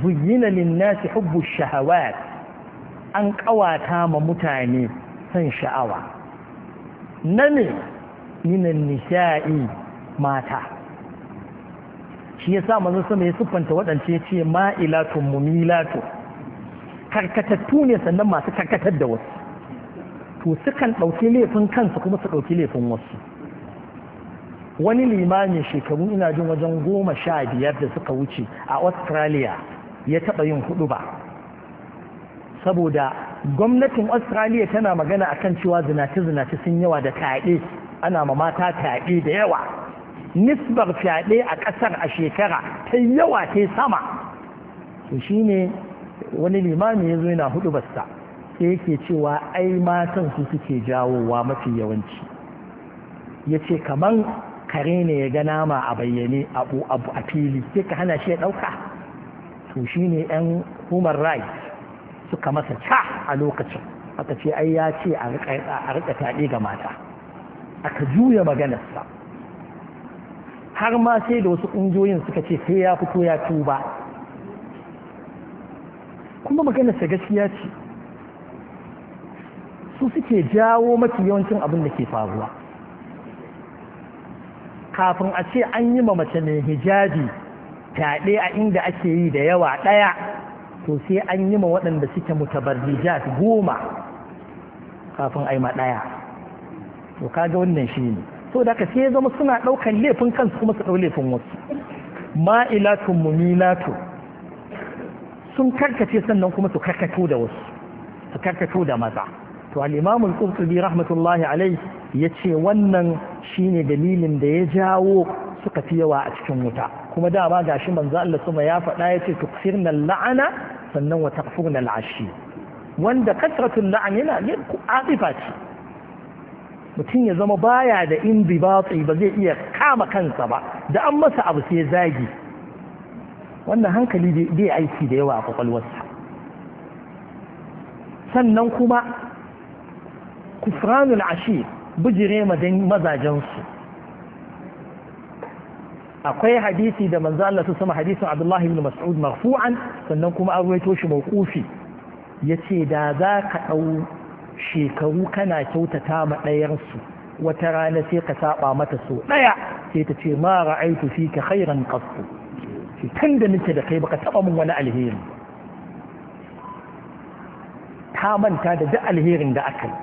zuyina linnasi hubbu shahawat an kawata ma mutane san sha'awa na ne minan nisa'i mata shi yasa manzo sama ya siffanta waɗance ya ce ma'ilatun mumilatu karkatattu ne sannan masu karkatar da wasu to sukan ɗauki laifin kansu kuma su ɗauki laifin wasu wani limamin shekaru ina jin wajen goma sha biyar da suka wuce a australia ya taɓa yin hudu ba saboda gwamnatin australia tana magana a kan cewa zinace-zinace sun yawa da fyaɗe ana ma mata fyaɗe da yawa nisbar fyaɗe a ƙasar a shekara ta yawa ta sama to shine wani limami ya zo yana hudu basta sai yake cewa ai matan su suke jawowa mafi yawanci ya ce kaman kare ne ya ga nama a bayyane abu abu a fili sai ka hana shi ya ɗauka to shi ne yan human rights suka masa ca a lokacin aka ce ai ya ce a rika taɗe ga mata aka juya maganarsa har ma sai da wasu ƙungiyoyin suka ce sai ya fito ya tuba kuma maganarsa gaskiya ce su suke jawo mafi yawancin abin da ke faruwa kafin a ce an yi ma mace mai hijabi fyaɗe a inda ake yi da yawa ɗaya to sai an yi ma waɗanda suke hijab goma kafin a yi ma ɗaya to kaga wannan shi ne so da ka sai zama suna ɗaukar laifin kansu kuma su ɗau laifin wasu ma'ilatun muminatu sun karkace sannan kuma su karkato da wasu su karkato da maza to al-Imam rahmatullahi qurtubi rahmatullahi ce wannan shine dalilin da ya jawo suka fi yawa a cikin wuta kuma dama gashi manzo Allah kuma ya faɗa yace tuksirna la'ana sannan wa takfurna al wanda kasratul la'an yana ne aqifa ce mutum ya zama baya da in ba zai iya kama kansa ba da an masa abu sai zagi wannan hankali bai aiki da yawa a kwakwalwarsa sannan kuma kufranul ashi bijire mazajensu akwai hadisi da manzo Allah su sama hadisin Abdullahi ibn Mas'ud marfu'an sannan kuma an rawaito shi mawqufi yace da za ka dau shekaru kana kyautata ma ɗayarsu su wata rana sai ka saba mata so ɗaya sai ta ce ma ra'aitu fika khairan qattu ce tun da nake da kai baka taba mun wani alheri ta manta da duk alherin da aka yi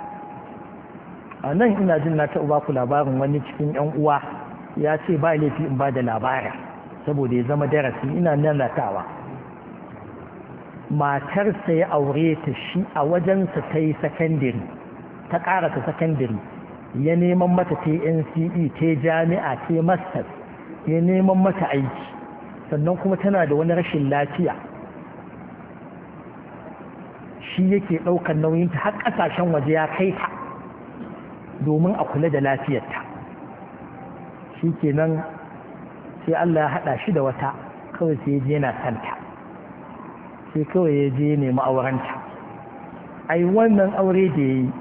a nan ina jin na taɓa ku labarin wani cikin yan uwa ya ce ba laifi in ba da labara saboda ya zama darasi ina nanatawa matarsa ya aure ta shi a wajensa ta yi sakandiri ta ƙarasa sakandiri ya neman mata ta e, ta jami'a ta masters ya neman mata aiki sannan kuma tana da wani rashin lafiya shi yake ɗaukar nauyinta har ƙasashen waje ya kai ta domin a kula da lafiyarta shi kenan sai Allah ya haɗa shi da wata kawai sai je yana santa sai kawai ya je nemi aurenta ai wannan aure da ya yi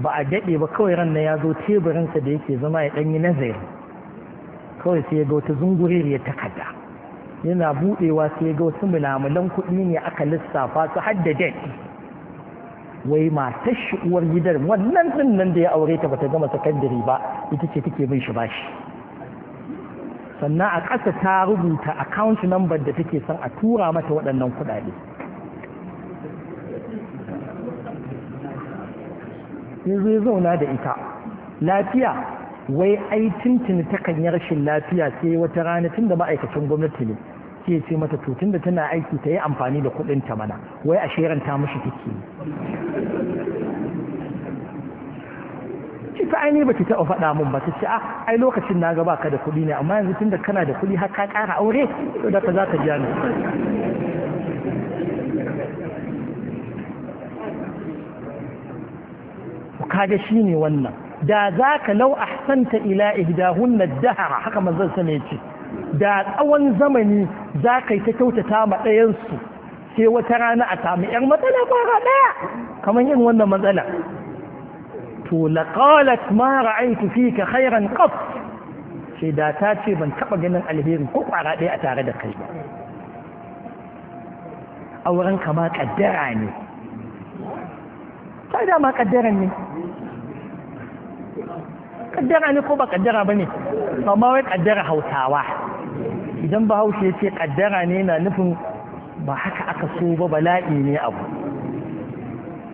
ba a daɗe ba kawai ran ya zo teburinsa da yake zama ya ɗanyi nazari kawai sai ya ga wata ya takarda yana buɗewa sai ga wasu mulamulan kuɗi ne aka lissafa su haddade wai matar shi uwar gidan wannan ɗin nan da ya aure ta bata gama sakandare ba ita ce take bin shi bashi sannan a ƙasa ta rubuta account number da take son a tura mata waɗannan kuɗaɗe sai zai zauna da ita lafiya wai ai tuntuni takan yi rashin lafiya sai wata rana tun da ma'aikacin gwamnati ne sai ce mata to da tana aiki ta yi amfani da kuɗin ta mana wai a sheranta mishi take Ci ta aini ba ki taɓa faɗa min ba ta ce a ah, ai lokacin na ga baka da kuɗi ne amma yanzu tunda kana da kuɗi har ka kara aure to da ka za ka ja ni kaga ne wannan da za ka lau ahsanta ila ihdahunna dahara haka manzon sa ne ce da tsawon zamani za ka yi ta kyautata ma ɗayansu sai wata rana a samu ‘yan matsala kwara ɗaya kamar yin wannan matsala to laƙalat ma ra'aitu fi ka khairan qat sai da ta ce ban taɓa ganin alherin ko kwara ɗaya a tare da kai ba auren kama ƙaddara ne ta dama ƙaddaran ne kaddara ne ko ba kaddara ba ne amma wai kaddara hausawa idan bahaushe ya ce kaddara ne na nufin ba haka aka so ba bala'i ne abu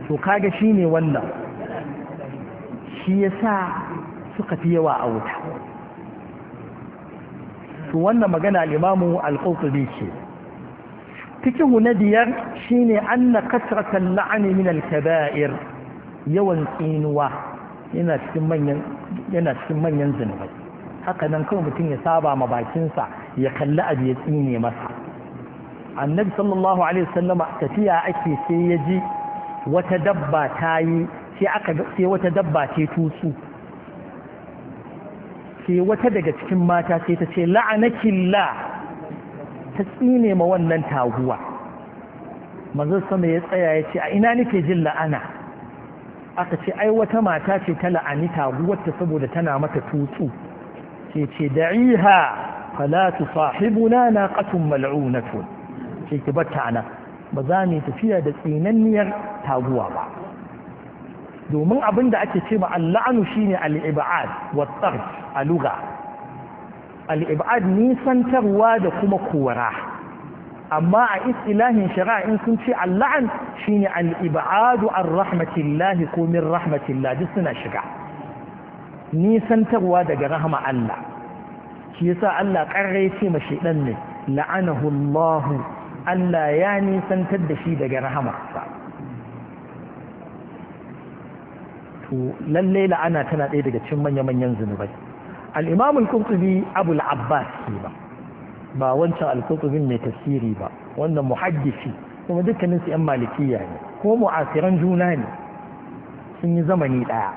to kaga shi ne wannan shi ya sa suka fi yawa a wuta to wannan magana limamu alƙautubi ce fikihu na biyar an na kasratan la'ani min alkaba'ir yawan tsinuwa yana cikin manyan yana cikin zunubai haka nan kawai mutum ya saba ma bakinsa ya kalli abu ya tsine masa annabi sallallahu alaihi wasallama tafiya ake sai ya ji wata dabba ta yi sai aka wata dabba ce tusu sai wata daga cikin mata sai ta ce la'anakillah ta tsine ma wannan taguwa manzon sama ya tsaya ya ce a ina nake jin la'ana aka ce ai wata mata ce ta la'ani taguwarta saboda tana mata tutsu ce ce da'iha fala tusahibuna naqatun mal'unatun sai ki bata nan ba za mu tafiya da tsinanniyar taguwa ba domin abin da ake ce ma al'anu shine al-ib'ad wa tarf a lugha al-ib'ad nisantarwa da kuma kora amma a istilahin shari'a in sun ce al'an shine al-ib'adu rahmatillahi ko min rahmatillah duk suna shiga nisantarwa daga rahma Allah shi yasa Allah karre ce ma shaidan ne la'anahu Allah Allah ya nisantar da shi daga rahama to lalle la'ana tana ɗaya daga cikin manya-manyan zunubai al-Imam al-Qurtubi Abu al-Abbas ba ba wancan al-Qurtubin mai tafsiri ba wannan muhaddisi kuma dukkanin su 'yan malikiyya ne ko mu'asiran juna ne sun yi zamani ɗaya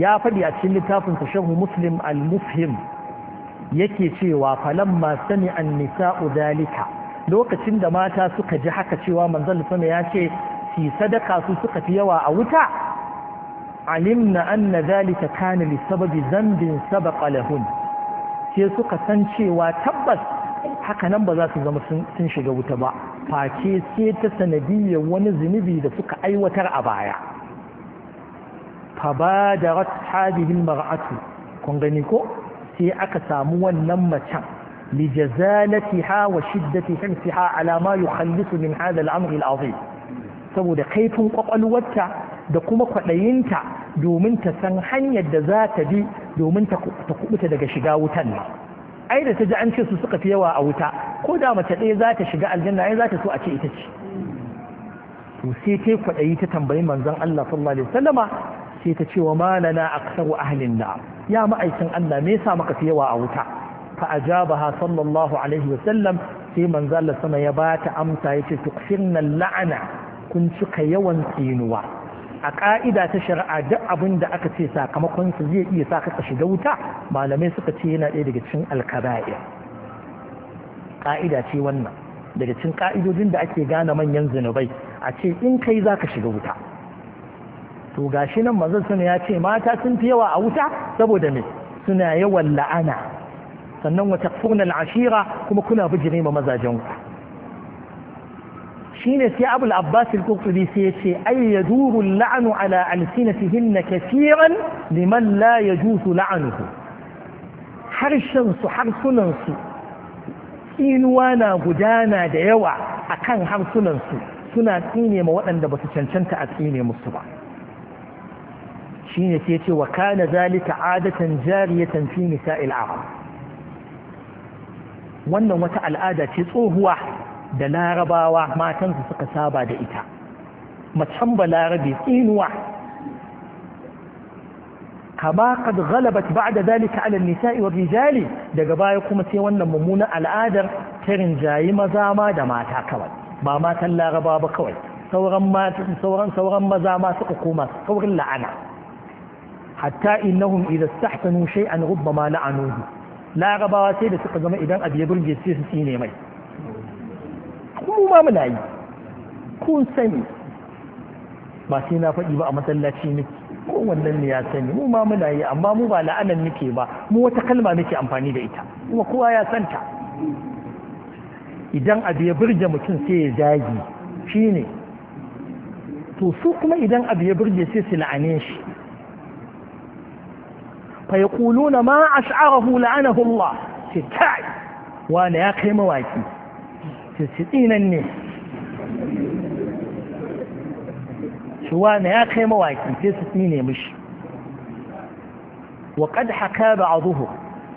ya faɗi a cikin littafin sa Shahu Muslim al-Mufhim yake cewa falamma sami an nisa'u dalika lokacin da mata suka ji haka cewa manzon sama ya ce fi sadaka su suka fi yawa a wuta alimna anna zalika kana li sababi zambin sabaqa lahun sai suka san cewa tabbas haka nan ba za su zama sun shiga wuta ba face sai ta sanadiyyar wani zunubi da suka aiwatar a baya fabadarat hadihil mar'atu kun gani ko sai aka samu wannan macen لجزالتها وشدة حرصها على ما يخلص من هذا الأمر العظيم saboda kaifin kwakwalwarta da kuma kwaɗayinta domin ta san hanyar da za ta bi domin ta kubuta daga shiga wutan nan ai da ta ji an ce su suka fi yawa a wuta ko da mace ɗaya za ta shiga aljanna ai za ta so a ce ita ce to sai ta kwaɗayi ta tambayi manzon Allah sallallahu alaihi wasallama sai ta ce wa malana aksaru ahlin na ya ma'aikin Allah me yasa maka fi yawa a wuta fa ajabaha sallallahu alaihi wa sallam sai manzo Allah sama ya ba ta amsa yace tukfirna la'ana kun cika yawan tsinuwa a ka'ida ta shari'a duk abin da aka ce sakamakon su zai iya saka ka shiga wuta malamai suka ce yana daya daga cikin alkaba'ir ka'ida ce wannan daga cikin ka'idodin da ake gane manyan zinubai a ce in kai zaka shiga wuta to gashi nan manzon sun ya ce mata sun fi yawa a wuta saboda me suna yawan la'ana sannan wata takfurna ashira kuma kuna bijire ma mazajen ku shine sai abul abbas al sai yace ay yaduru al-la'nu ala alsinatihinna kaseeran liman la yajuzu la'anuhu harshen su harsunan su tsinuwa na gudana da yawa akan harsunan su suna tsine ma waɗanda ba su cancanta a tsine musu ba shine sai ce wa kana zalita adatan jariyatan fi nisa'il arab wannan wata al'ada ce tsohuwa da larabawa matansu suka saba da ita macen ba larabe tsinuwa kama kad ba da zalika ala nisa'i wa rijali daga baya kuma sai wannan mummunan al'adar ta rinjayi maza ma da mata kawai ba matan larabawa ba kawai sauran sauran maza ma suka koma saurin la'ana hatta innahum idza stahsanu shay'an rubbama la'anuhu larabawa sai da suka zama idan abu ya burge sai su tsine mai mu ma muna yi kun sani ba sai na faɗi ba a masallaci ne ko wannan ne ya sani mu ma muna yi amma mu ba la'anan muke ba mu wata kalma muke amfani da ita kuma kowa ya santa idan abu ya burge mutum sai ya zagi shine to su kuma idan abu ya burge sai su la'ane shi fa yaquluna ma ash'arahu la'anahu Allah ce kai wani ya kai mawaki ce ce tsinan ne ce wani ya kai mawaki ce su tsine mishi wa qad haka ba'dhuhu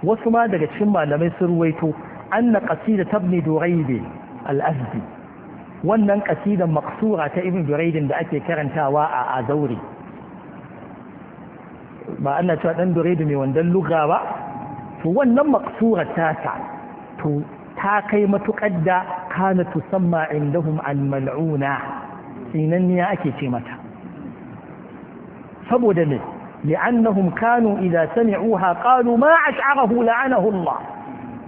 wasu ma daga cikin malamai sun ruwaito anna qasida tabni duraybi al-azdi wannan qasidan maksura ta ibn duraydin da ake karantawa a azauri ba ana cewa dan duredu mai wandan luga ba to wannan ta tasa to ta kai matuƙar da kana tusamma indahum al-mal'una sinanniya ake ce mata saboda ne li'annahum kanu idza sami'uha qalu ma ash'arahu la'anahu Allah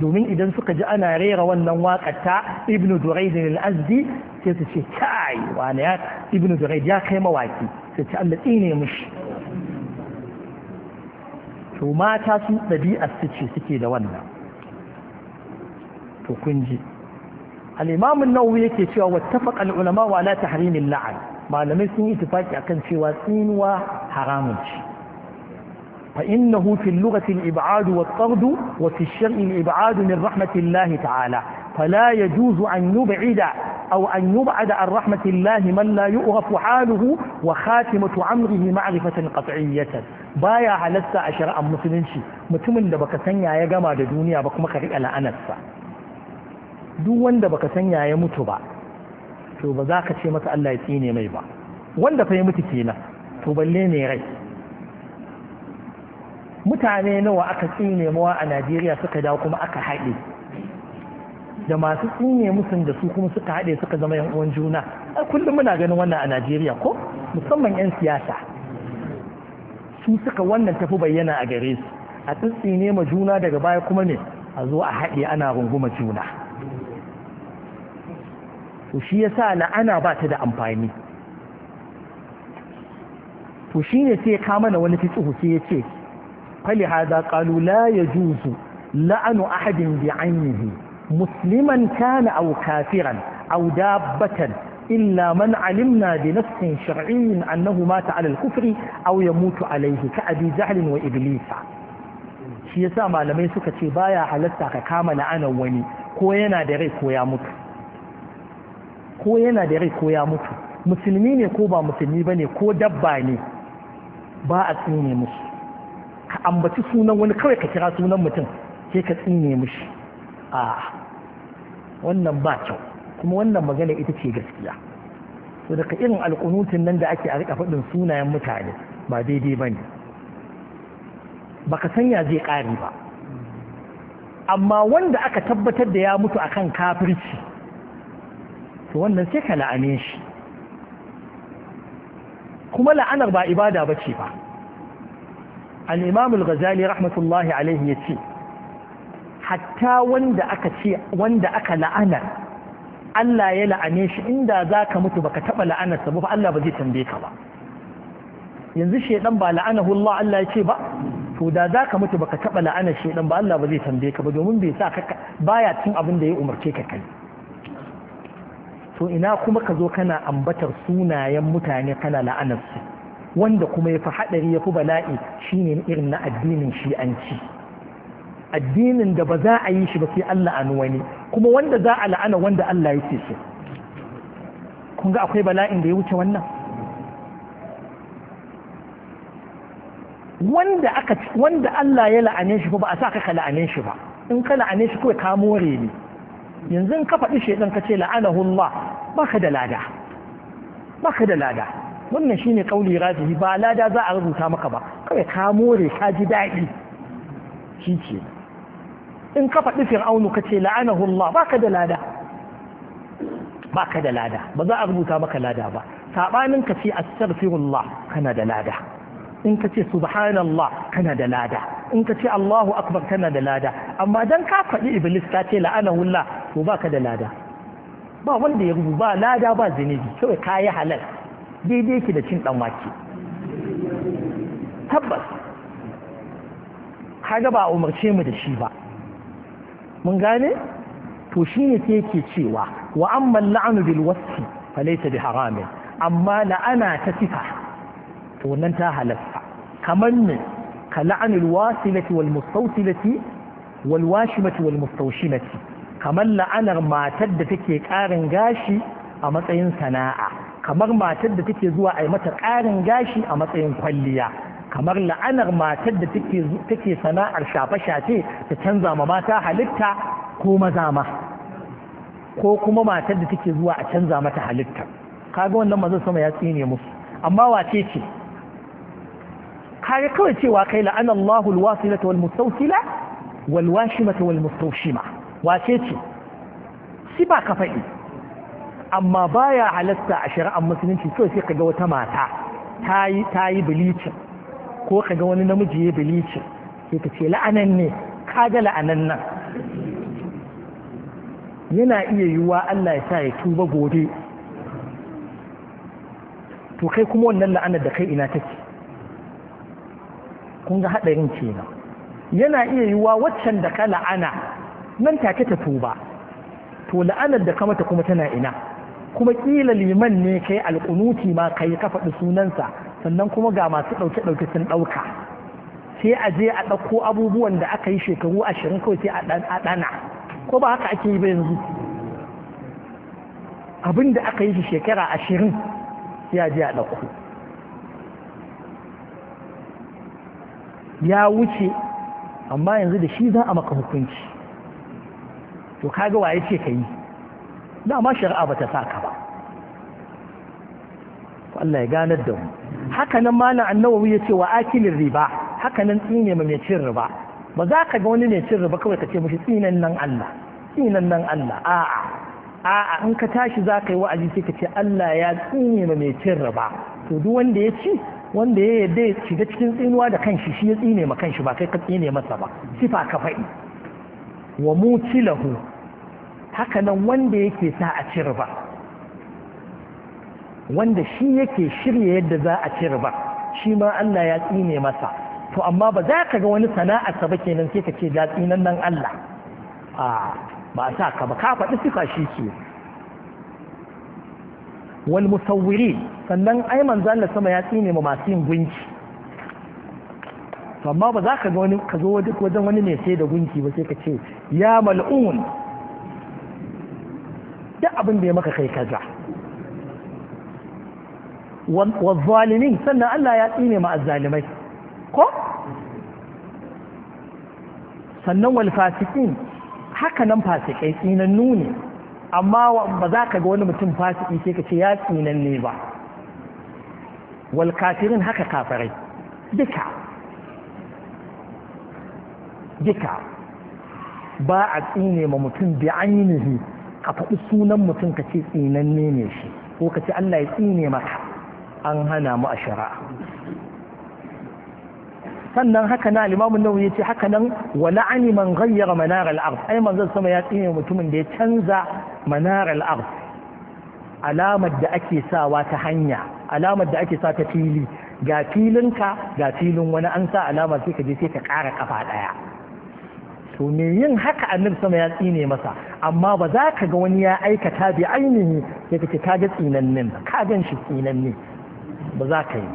domin idan suka ji ana rera wannan waƙar ta Ibn Durayd al-Azdi sai su ce kai wani ya Ibn Durayd ya kai mawaki sai Allah tsine mishi to mata su ɗabi'ar su ce suke da wannan to kun ji al-imam nawawi yake cewa wattafaqa al-ulama wa la tahrim malamai sun yi tufaki akan cewa tsinuwa haramun ce fa innahu fi al ib'adu al wa at wa fi ash ib'adu al Rahmatullahi min ta'ala فلا يجوز أن يبعد أو أن يبعد عن رحمة الله من لا يؤرف حاله وخاتمة عمره معرفة قطعية بايا على الساعة مسلم شي متمن دا سنيا يا جماعة دنيا بك مخرج على أنسا duk wanda baka sanya mutu ba to ba ka ce masa Allah ya tsine mai ba wanda fa ya mutu kenan to balle ne rai mutane nawa aka tsine mawa a Najeriya suka dawo kuma aka haɗi. da masu tsinye musun da su kuma suka haɗe suka zama yan uwan juna a kullum muna ganin wannan a najeriya ko musamman yan siyasa su suka wannan tafi bayyana a gare su a tsinye ma juna daga baya kuma ne a zo a haɗe ana runguma juna to shi yasa la'ana ba ta da amfani to shi ne sai ka mana wani fiqhu sai ya ce fali hada qalu la yajuzu la'anu ahadin bi'aynihi مسلما كان أو كافرا أو دابة إلا من علمنا بنص شرعي أنه مات على الكفر أو يموت عليه كأبي جهل وإبليس shi yasa malamai suka ce baya halatta ka kama la'anar wani ko yana da rai ko ya mutu musulmi ne ko ba musulmi bane ko dabba ne ba a tsine musu ka ambaci sunan wani kawai ka kira sunan mutum sai ka tsine mushi a wannan ba kyau kuma wannan magana ita ce gaskiya to daga irin alkunutun nan da ake a rika faɗin sunayen mutane ba daidai ba ne baka sanya zai ƙari ba amma wanda aka tabbatar da ya mutu akan kafirci to wannan sai ka la'ane shi kuma la'anar ba ibada ba ce ba al-imamul ghazali rahmatullahi alaihi ya ce hatta wanda aka ce wanda aka la'ana Allah ya la'ane shi inda za ka mutu baka taɓa sa ba Allah ba zai tambaye ka ba yanzu shaidan ba la'anahu Allah Allah ya ce ba to da za ka mutu baka taɓa la'anar shaidan ba Allah ba zai tambaye ka ba domin bai sa ka baya cin abin da ya umarce ka kai to ina kuma ka zo kana ambatar sunayen mutane kana la'anar su wanda kuma ya fi haɗari ya fi bala'i shine irin na addinin shi'anci addinin da ba za a yi shi ba sai Allah an wani kuma wanda za a la'ana wanda Allah yake so kun ga akwai bala'in da ya wuce wannan wanda aka wanda Allah ya la'ane shi ba a sa ka la'ane shi ba in ka la'ane shi kawai ka more ne yanzu in ka faɗi shaidan ka ce la'anahu Allah baka da lada baka da lada wannan shine kauli razihi ba lada za a rubuta maka ba kawai ka more ka ji daɗi shi ce in ka faɗi fir'aunu ka ce la'anahu Allah ka da lada ka da lada ba za a rubuta maka lada ba sabanin ka ce astaghfirullah kana da lada in ka ce subhanallah kana da lada in ka ce Allahu akbar kana da lada amma dan ka faɗi iblis ka ce la'anahu Allah to ka da lada ba wanda ya rubu ba lada ba zunubi kawai kayi halal daidai ki da cin dan wake tabbas kaga ba a umarce mu da shi ba mun gane to ne ke yake cewa wa amma la'anu bil wasfi bi haramin amma la'ana ta sifa to wannan ta halatta kamar ne ka la'anil wasilati wal mustawsilati wal washimati wal mustawshimati kamar la'anar matar da take karin gashi a matsayin sana'a kamar matar da take zuwa a yi mata karin gashi a matsayin kwalliya kamar la'anar matar da take sana'ar shafe-shafe ta canza ma mata halitta ko maza ma ko kuma matar da take zuwa a canza mata halitta kaga wannan mazan sama ya tsine musu amma wace ce kare kawai cewa kai la'an Allahu alwasilata wal mustawsila wal washimata wal mustawshima wace ce shi ba ka faɗi amma baya halatta a shari'ar musulunci kawai sai kaga wata mata tayi tayi ta bilicin ko ka ga wani namiji ya bilici sai ka ce la'anan ne ka ga la'anan nan yana iya yiwuwa Allah ya sa ya tuba gobe to kai kuma wannan la'anar da kai ina take kun ga haɗarin kenan yana iya yiwuwa waccan da ka la'ana nan take ta tuba to la'anar da ka mata kuma tana ina kuma kila liman ne kai alƙunuti ma kai ka faɗi sunansa sannan kuma ga masu ɗauke-ɗauke sun ɗauka sai a je a ɗauko abubuwan da aka yi shekaru ashirin kawai sai a ɗana ko ba haka ake yi ba yanzu abin da aka yi shi shekara ashirin sai a je a ɗauko ya wuce amma yanzu da shi za a maka hukunci to kaga waye ce ka yi dama shari'a ba ta sa ka ba Allah ya ganar da mu haka nan mana annawawi ya ce wa akilin riba haka nan tsine mai cin riba ba za ka ga wani mai cin riba kawai ka ce mishi tsinan nan Allah tsinan nan Allah a'a a'a in ka tashi za ka yi wa'azi sai ka ce Allah ya tsine mai cin riba to duk wanda ya ci wanda ya yarda ya shiga cikin tsinuwa da kanshi shi ya tsine ma kanshi ba kai ka tsine masa ba sifa ka faɗi wa mutilahu haka nan wanda yake sa a ci riba wanda shi yake shirya yadda za a ci riba shi ma Allah ya tsine masa to amma ba za ka ga wani sana'arsa ba kenan sai ka ce da tsinan nan Allah a ba sa ka ba ka faɗi sifa shi ke wal musawwiri sannan ai manzo Allah sama ya tsine ma masu yin gunki to amma ba za ka ga wani ka zo wajen wani ne sai da gunki ba sai ka ce ya mal'un duk abin da ya maka kai kaza wa sannan Allah ya tsine ma azzalimai ko sannan wal fasikin haka nan fasikai tsinannu ne amma ba za ka ga wani mutum fasiki sai ka ce ya tsinan ba wal kafirin haka kafirai duka duka ba a tsine ma mutum bi ainihi a faɗi sunan mutum ka ce tsinanne ne shi ko ka ce Allah ya tsine maka an hana mu a shari'a sannan haka na limamin nau'i ya ce haka nan wani la'ani man ghayyara manar al ai man zan sama ya tsine mutumin da ya canza manar al alamar da ake sawa ta hanya alamar da ake sa ta fili ga filinka ga filin wani an sa alamar sai ka je sai ka ƙara kafa ɗaya to me yin haka annab sama ya tsine masa amma ba za ka ga wani ya aikata bi ainihi sai ka ce ka ga tsinannin ka gan shi tsinannin ba za ka yi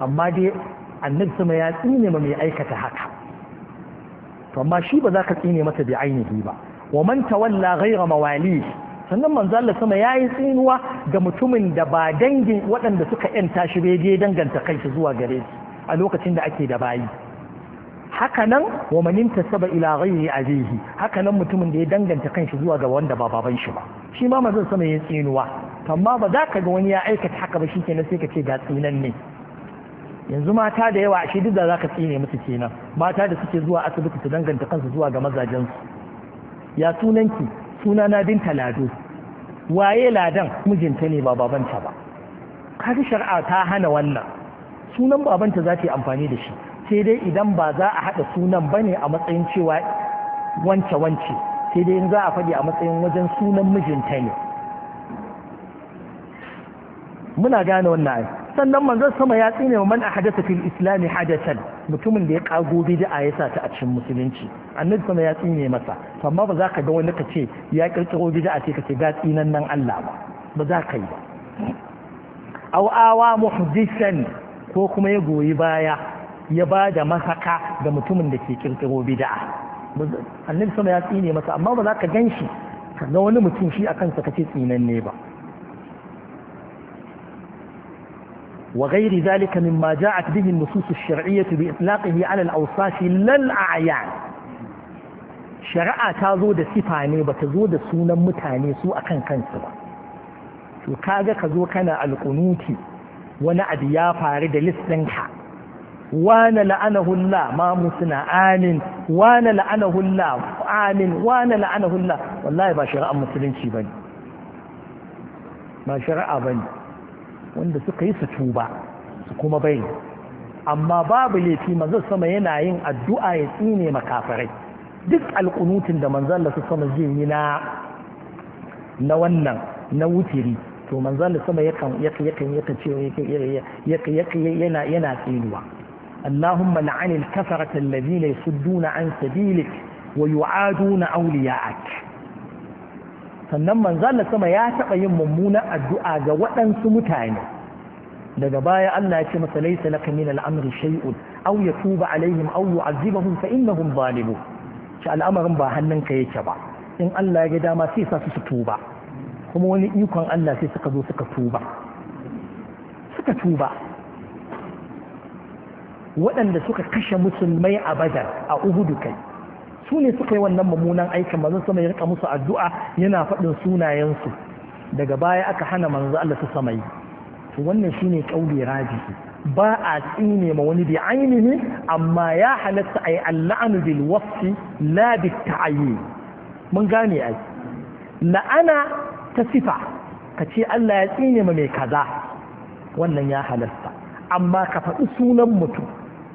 amma dai annabi sama ya tsine ma mai aikata haka to amma shi ba za ka tsine masa bi ainihi ba wa man tawalla ghayra mawali sannan manzo Allah sama yayi tsinuwa ga mutumin da ba dangin waɗanda suka yanta shi bai je danganta kai zuwa gare shi a lokacin da ake da bayi hakanan wa man intasaba ila ghayri haka hakanan mutumin da ya danganta kanshi zuwa ga wanda ba baban shi ba shi ma manzo sama yayi tsinuwa amma ba za ka ga wani ya aikata haka ba shi shikenan sai ka ce ga tsinan ne yanzu mata da yawa ashe duk da za ka tsine musu kenan mata da suke zuwa asibiti su danganta kansu zuwa ga mazajensu ya sunanki suna na binta lado waye ladan mijinta ne ba babanta ba kaga shari'a ta hana wannan sunan babanta za ta yi amfani da shi sai dai idan ba za a haɗa sunan ba ne a matsayin cewa wance wance sai dai in za a faɗi a matsayin wajen sunan mijinta ne muna gane wannan ayi sannan manzon sama ya tsine man ahadatha fil islam hadathan mutumin da ya kago bid'a ya sa ta a cikin musulunci annabi sama ya tsine masa amma ba za ka ga wani ka ce ya kirkiro bid'a ce kace ga tsinan nan Allah ba ba za ka yi ba aw awa muhdithan ko kuma ya goyi baya ya ba da masaka ga mutumin da ke kirkiro bid'a annabi sama ya tsine masa amma ba za ka ganshi ka ga wani mutum shi akan sa kace tsinan ne ba وغير ذلك مما جاءت به النصوص الشرعية بإطلاقه على الأوصاف لا الأعيان shari'a ta zo da sifa ne ba ta zo da sunan mutane su akan kansu ba to kaga ka zo kana alkunuti, wani abu ya faru da listinka wane la'anahulla mamu suna amin wane la'anahulla amin wane la'anahulla wallahi ba shari'ar musulunci ba ne ba shari'a ba ne wanda suka yi su tuba su kuma bai amma babu laifi manzon sama yana yin addu'a ya tsine makafarai duk alƙunutin da manzon Allah sama zai yi na na wannan na wutiri to manzon Allah sama yakan yakan yakan ce yakan yakan yana yana tsinuwa اللهم لعن الكفرة الذين يصدون عن سبيلك ويعادون أولياءك sannan manzala sama ya taɓa yin mummunan addu'a ga waɗansu mutane daga baya Allah ya ce masa laisa laka min al'amri shay'un aw yatuba alaihim aw yu'azzibahum fa innahum zalimun shi al'amarin ba hannunka yake ba in Allah ya ga dama sai sa su tuba kuma wani ikon Allah sai suka zo suka tuba suka tuba waɗanda suka kashe musulmai a badar a uhudu kai su ne suka yi wannan mummunan aikin manzon sama ya rika musu addu'a yana faɗin sunayensu daga baya aka hana manzo Allah ta sama yi to wannan shine kauli rajihi ba a tsine ma wani bi ainihi amma ya halatta ay al'anu bil wasfi la bit ta'ayyin mun gane ai la'ana ta sifa ka ce Allah ya tsine ma mai kaza wannan ya halatta amma ka faɗi sunan mutum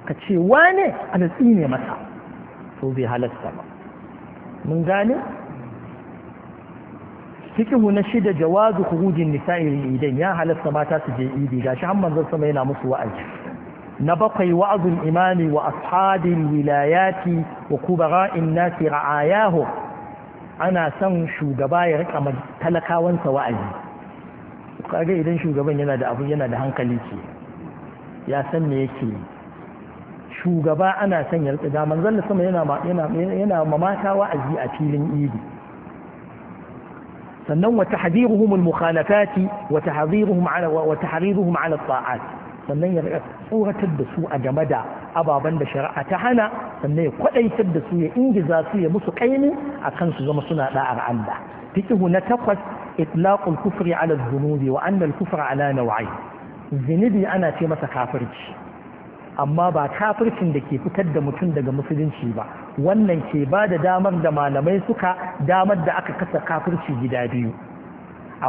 ka ce wane ana tsine masa so bai halarta ba mun gane fikihu na shida jawazu khurujin nisa'i idan ya halarta mata su je idi gashi har manzon sama yana musu wa'azi na bakwai wa'azun imami wa ashabil wilayati wa kubara'in nasi ra'ayahu ana son shugaba ya rika talakawansa wa'azi kaga idan shugaban yana da abu yana da hankali ce ya san me yake yi shugaba ana son ya rike daman zan sama yana mamata wa'azi a filin idi sannan wata tahdiruhum al-mukhalafati wa tahdiruhum ala wa tahriruhum ala ta'at sannan ya tsoratar da su a game da ababen da shari'a ta hana sannan ya kwadaitar da su ya ingiza su ya musu kaini kan su zama suna da'ar Allah fiqhu na takwas itlaqul kufri ala adh-dhunubi wa anna al-kufra ala naw'ayn zunubi ana ce masa kafirci amma ba kafircin da ke fitar da mutum daga musulunci ba wannan ke ba da damar da malamai suka damar da aka kasa kafirci gida biyu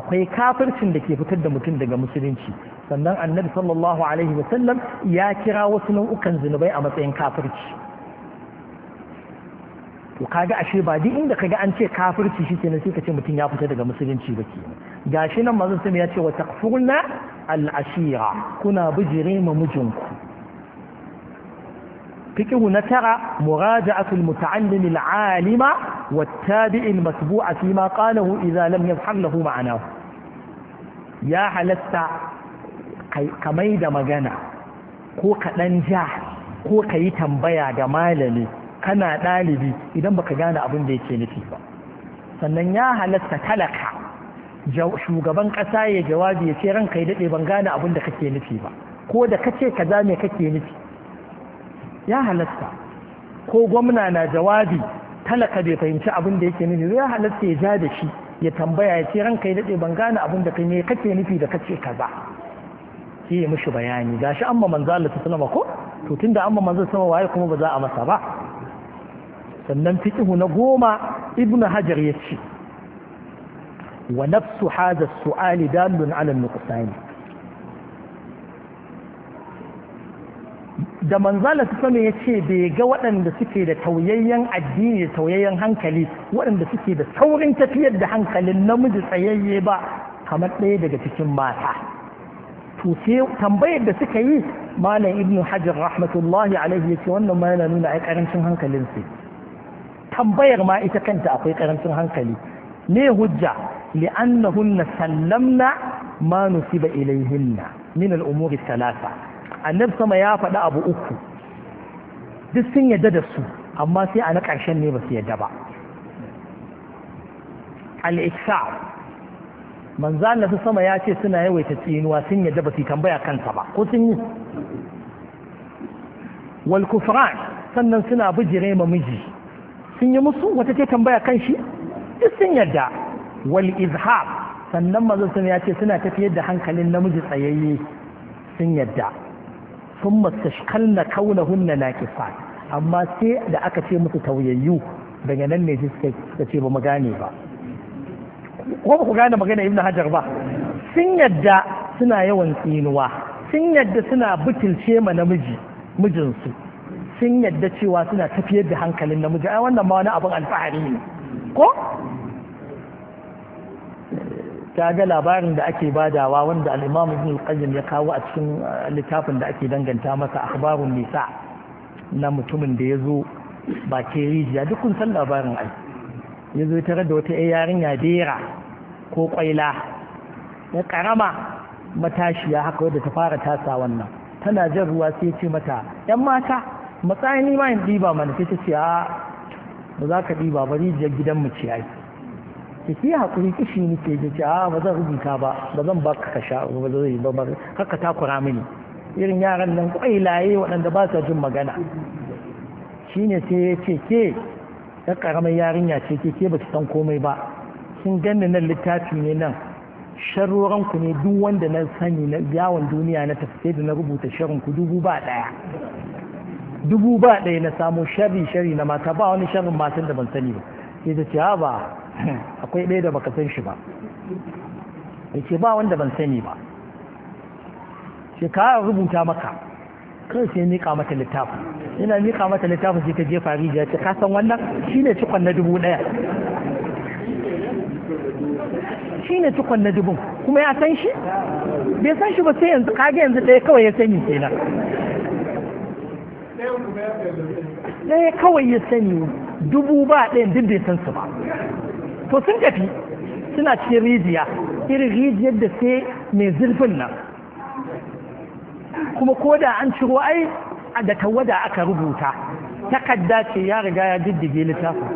akwai kafircin da ke fitar da mutum daga musulunci sannan annabi sallallahu alaihi wasallam ya kira wasu nau'ukan zunubai a matsayin kafirci to kaga ashe ba duk inda kaga an ce kafirci shi kenan sai ka ce mutum ya fita daga musulunci ba kenan gashi nan manzon ya ce wa takfurna al-ashira kuna bijire ma mijinku fiqhu na tara muraja'atu al-muta'allim al-alima wa tabii al-matbu'a fi ma qalahu idza lam lahu ma'anahu ya halatta kamai da magana ko kaɗan ja ko ka yi tambaya da malami kana ɗalibi idan baka gane abin da yake nufi ba sannan ya halatta talaka shugaban ƙasa ya jawabi ya ce ranka ya daɗe ban gane abin da kake nufi ba ko da kace kaza me kake nufi ya halatta ko gwamna na jawabi talaka bai fahimci abin da yake nufi ya halatta ya ja da shi ya tambaya ya ce ranka ya daɗe ban gane abin da kai ne kake nufi da kace kaza sai ya mishi bayani gashi amma manzo Allah sallama ko to tunda amma manzo sama waye kuma ba za a masa ba sannan fiqhu na goma ibnu hajar ya ce wa nafsu hadha as-su'ali dalun ala an da manzala su sami ya ce bai ga waɗanda suke da tauyayyen addini da tauyayyen hankali waɗanda suke da saurin tafiyar da hankalin namiji tsayayye ba kamar ɗaya daga cikin mata Tuse tambayar da suka yi malam ibn hajar rahmatullahi alaihi ya ce wannan ma yana nuna ai karancin hankalin su tambayar ma ita kanta akwai karancin hankali ne hujja li'annahunna sallamna ma nusiba ilayhinna min al-umuri thalatha annabi sama ya faɗi abu uku duk sun yadda da su amma sai a na ƙarshen ne ba su yadda ba al-iksa manzo Allah sama ya ce suna yawaita tsinuwa sun yadda ba su tambaya kansa ba ko sun yi wal kufran sannan suna bijire ma miji sun yi musu wata ce tambaya kan shi duk sun yadda wal izhab sannan mazan sama ya ce suna tafiyar da hankalin namiji tsayayye sun yadda sun mastashkalna kaunahunna naqisat amma sai da aka ce musu tauyayyu daga nan ne suka da ce ba mu gane ba ko ba ku gane magana ibn hajar ba sun yadda suna yawan tsinuwa sun yadda suna butulce ma namiji mijinsu sun yadda cewa suna tafiyar da hankalin namiji ai wannan ma wani abin alfahari ne ko ga labarin da ake badawa wanda al'imamu Ibn al ya kawo a cikin uh, littafin da ake danganta masa akhbarun nisa na mutumin da yazo ba ke rijiya duk kun san labarin ai yazo tare da wata yarinya dera ko kwaila ya karama matashiya haka wadda ta fara tasa wannan tana jan ruwa sai ce mata yan mata matsayin ni ma in diba mana sai ta ce a ba za ka diba ba rijiyar gidan mu ce ai ki hakuri kishi ne ke ji a ah, ba zan rubuta ba ba zan baka ka sha ba zan yi ba haka takura mini irin yaran nan kwailaye waɗanda ba sa jin magana shine sai ya ce ke da karamar yarinya ce ke ke ba su san komai ba sun ganni nan littafi ne nan sharoran ku ne duk wanda na sani na yawon duniya na tafi da na rubuta sharin ku dubu ba ɗaya dubu ba ɗaya na samu shari shari na mata ba wani sharrin matan da ban sani ba sai ta ce ba akwai ɗaya da baka san shi ba da ce ba wanda ban sani ba ce rubuta maka kan sai nika mata littafi ina nika mata littafi sai ta jefa ya ce ka san wannan shine cikon na dubu ɗaya shine cikon na dubu kuma ya san shi bai san shi ba sai yanzu kage yanzu ɗaya kawai ya sani nan ɗaya kawai ya sani dubu ba ɗayan duk bai san su ba to sun tafi suna cikin rijiya irin rijiyar da sai mai zurfin nan kuma ko da an ciro ai a da tawada aka rubuta takarda ce ya riga ya diddige littafin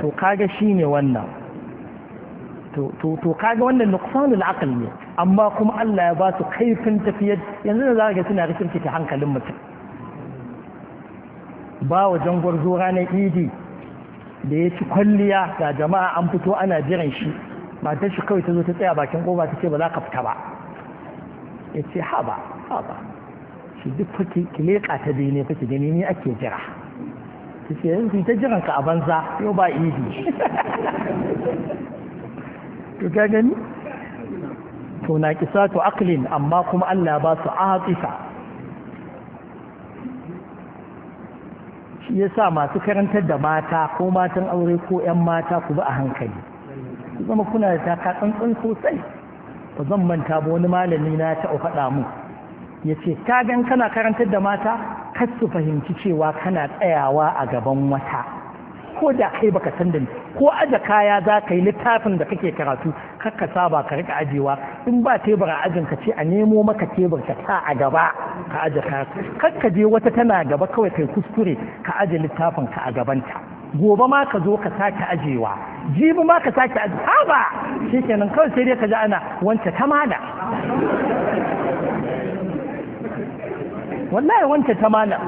to kaga shine wannan to kaga wannan nuksanul aqal ne amma kuma Allah ya ba su kaifin tafiyar yanzu da za ga suna rikirkita hankalin mutum ba wajen gwarzo ranar idi da ya ci kwalliya ga jama'a an fito ana jiran shi matar shi kawai ta zo ta tsaya bakin koba ta ce ba za ka fita ba ya ce ha ba shi duk fake ki leƙa ta dai ne fake gani ni ake jira ta ce yanzu ta jiran ka a banza yau ba idi to ga gani to na kisa to aklin amma kuma Allah ba su a hatsisa. shi yasa masu karantar da mata ko matan aure ko 'yan mata ku bi a hankali ku kuna da taka tsantsan sosai ba zan manta ba wani malami na taɓa faɗa mu yace ce gan kana karantar da mata kar su fahimci cewa kana tsayawa a gaban wata ko da kai baka san da ni ko aje kaya za ka yi littafin da kake karatu kakka saba ka rika ajewa in ba tebur a ajin ka ce a nemo maka tebur ka sa a gaba ka aje kaya kakka je wata tana gaba kawai kai kuskure ka aje littafin ka a gabanta gobe ma ka zo ka sake ajewa jibi ma ka sake aje haba shikenan kawai sai dai ka ji ana wance ta mana wallahi wance ta mana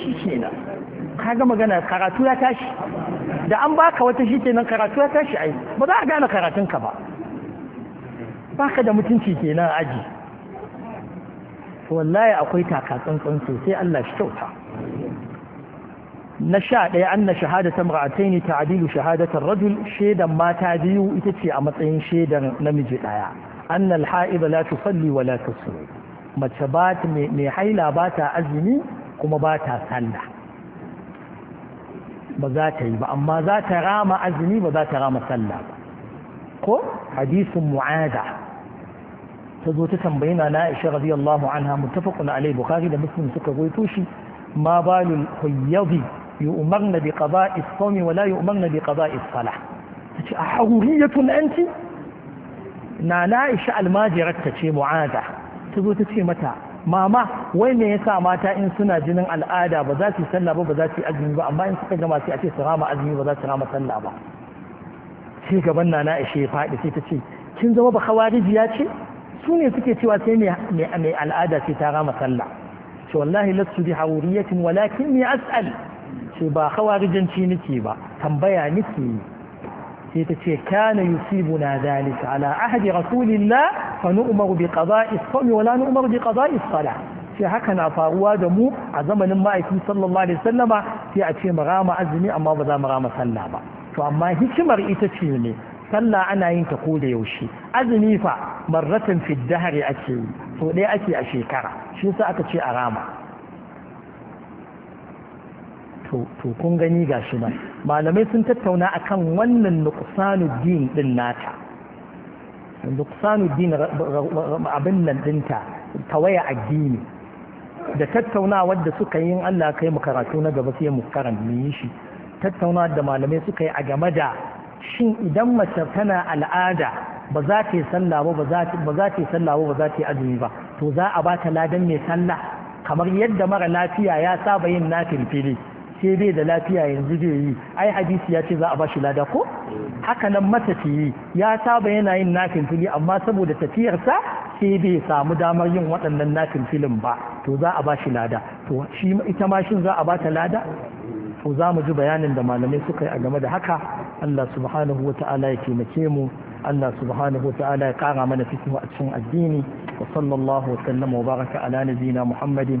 shi kenan kaga magana karatu ya tashi da an baka wata shi kenan karatu ya tashi ai ba za a gane karatunka ba baka da mutunci kenan aji wallahi akwai taka takatsantsan sosai Allah shi kyauta na sha ɗaya an na shahadata tadilu ne ta'adilu shahadatar rajul shaidan mata biyu ita ce a matsayin shaidan namiji ɗaya an na alha'iba la tusalli wa la mace ba mai haila ba ta azumi kuma ba ta sallah ba za ta yi ba amma za ta rama azumi ba za ta rama sallah ba ko hadisin mu'ada ta zo ta tambayi na na'isha radiyallahu anha muttafaqun alai bukhari da muslim suka goyito shi ma balul khayyadi yu'marna bi qada'i as-sawmi wa la yu'marna bi qada'i as-salah tace a huriyatun anti na na'isha almajirat ta ce mu'ada ta zo ta ce mata mama wai me yasa mata in suna jinin al'ada ba za su sallah ba ba za su azumi ba amma in suka gama sai a ce su rama azumi ba za su rama sallah ba Shi gaban nana ishe faɗi sai ta ce kin zama ba ya ce su ne suke cewa sai mai al'ada sai ta rama sallah ce wallahi lasu bi hawuriyatin walakin ni as'al ce ba khawarijanci nake ba tambaya nake sai ta ce kana na dalis ala ahadi rasulillah fa nu'maru bi qada'i as wala nu'maru bi qada'i as sai haka na faruwa da mu a zamanin ma'aiki sallallahu alaihi wasallama sai a ce mu rama azumi amma ba za mu rama sallah ba to amma hikimar ita ce ne sallah ana yin ta ko da yaushe azumi fa marratan fi dahri ake yi so ɗaya ake a shekara shi yasa aka ce a rama to kun gani gashi ba malamai sun tattauna akan wannan nuqsanuddin din nata din abin nan dinta tawaya addini da tattaunawar da suka yi Allah kai mu karatu na gaba sai mu karanta mu yi shi tattauna da malamai suka yi a game da shin idan mace tana al'ada ba za ta yi sallah ba ba za ta yi sallah ba ba za ta yi azumi ba to za a ba ta ladan mai sallah kamar yadda mara lafiya ya saba yin nafil fili sai bai da lafiya yanzu bai yi ai hadisi ya ce za a bashi lada ko haka nan matafiyi ya saba yana yin nafin fili amma saboda tafiyarsa sai bai samu damar yin waɗannan nafin filin ba to za a bashi lada to shi ita ma shin za a bata lada to za mu ji bayanin da malamai suka yi a game da haka Allah subhanahu wa ta'ala ya taimake mu Allah subhanahu wa ta'ala ya kara mana fikihu a cikin addini wa sallallahu wa sallama wa baraka ala nabiyina Muhammadin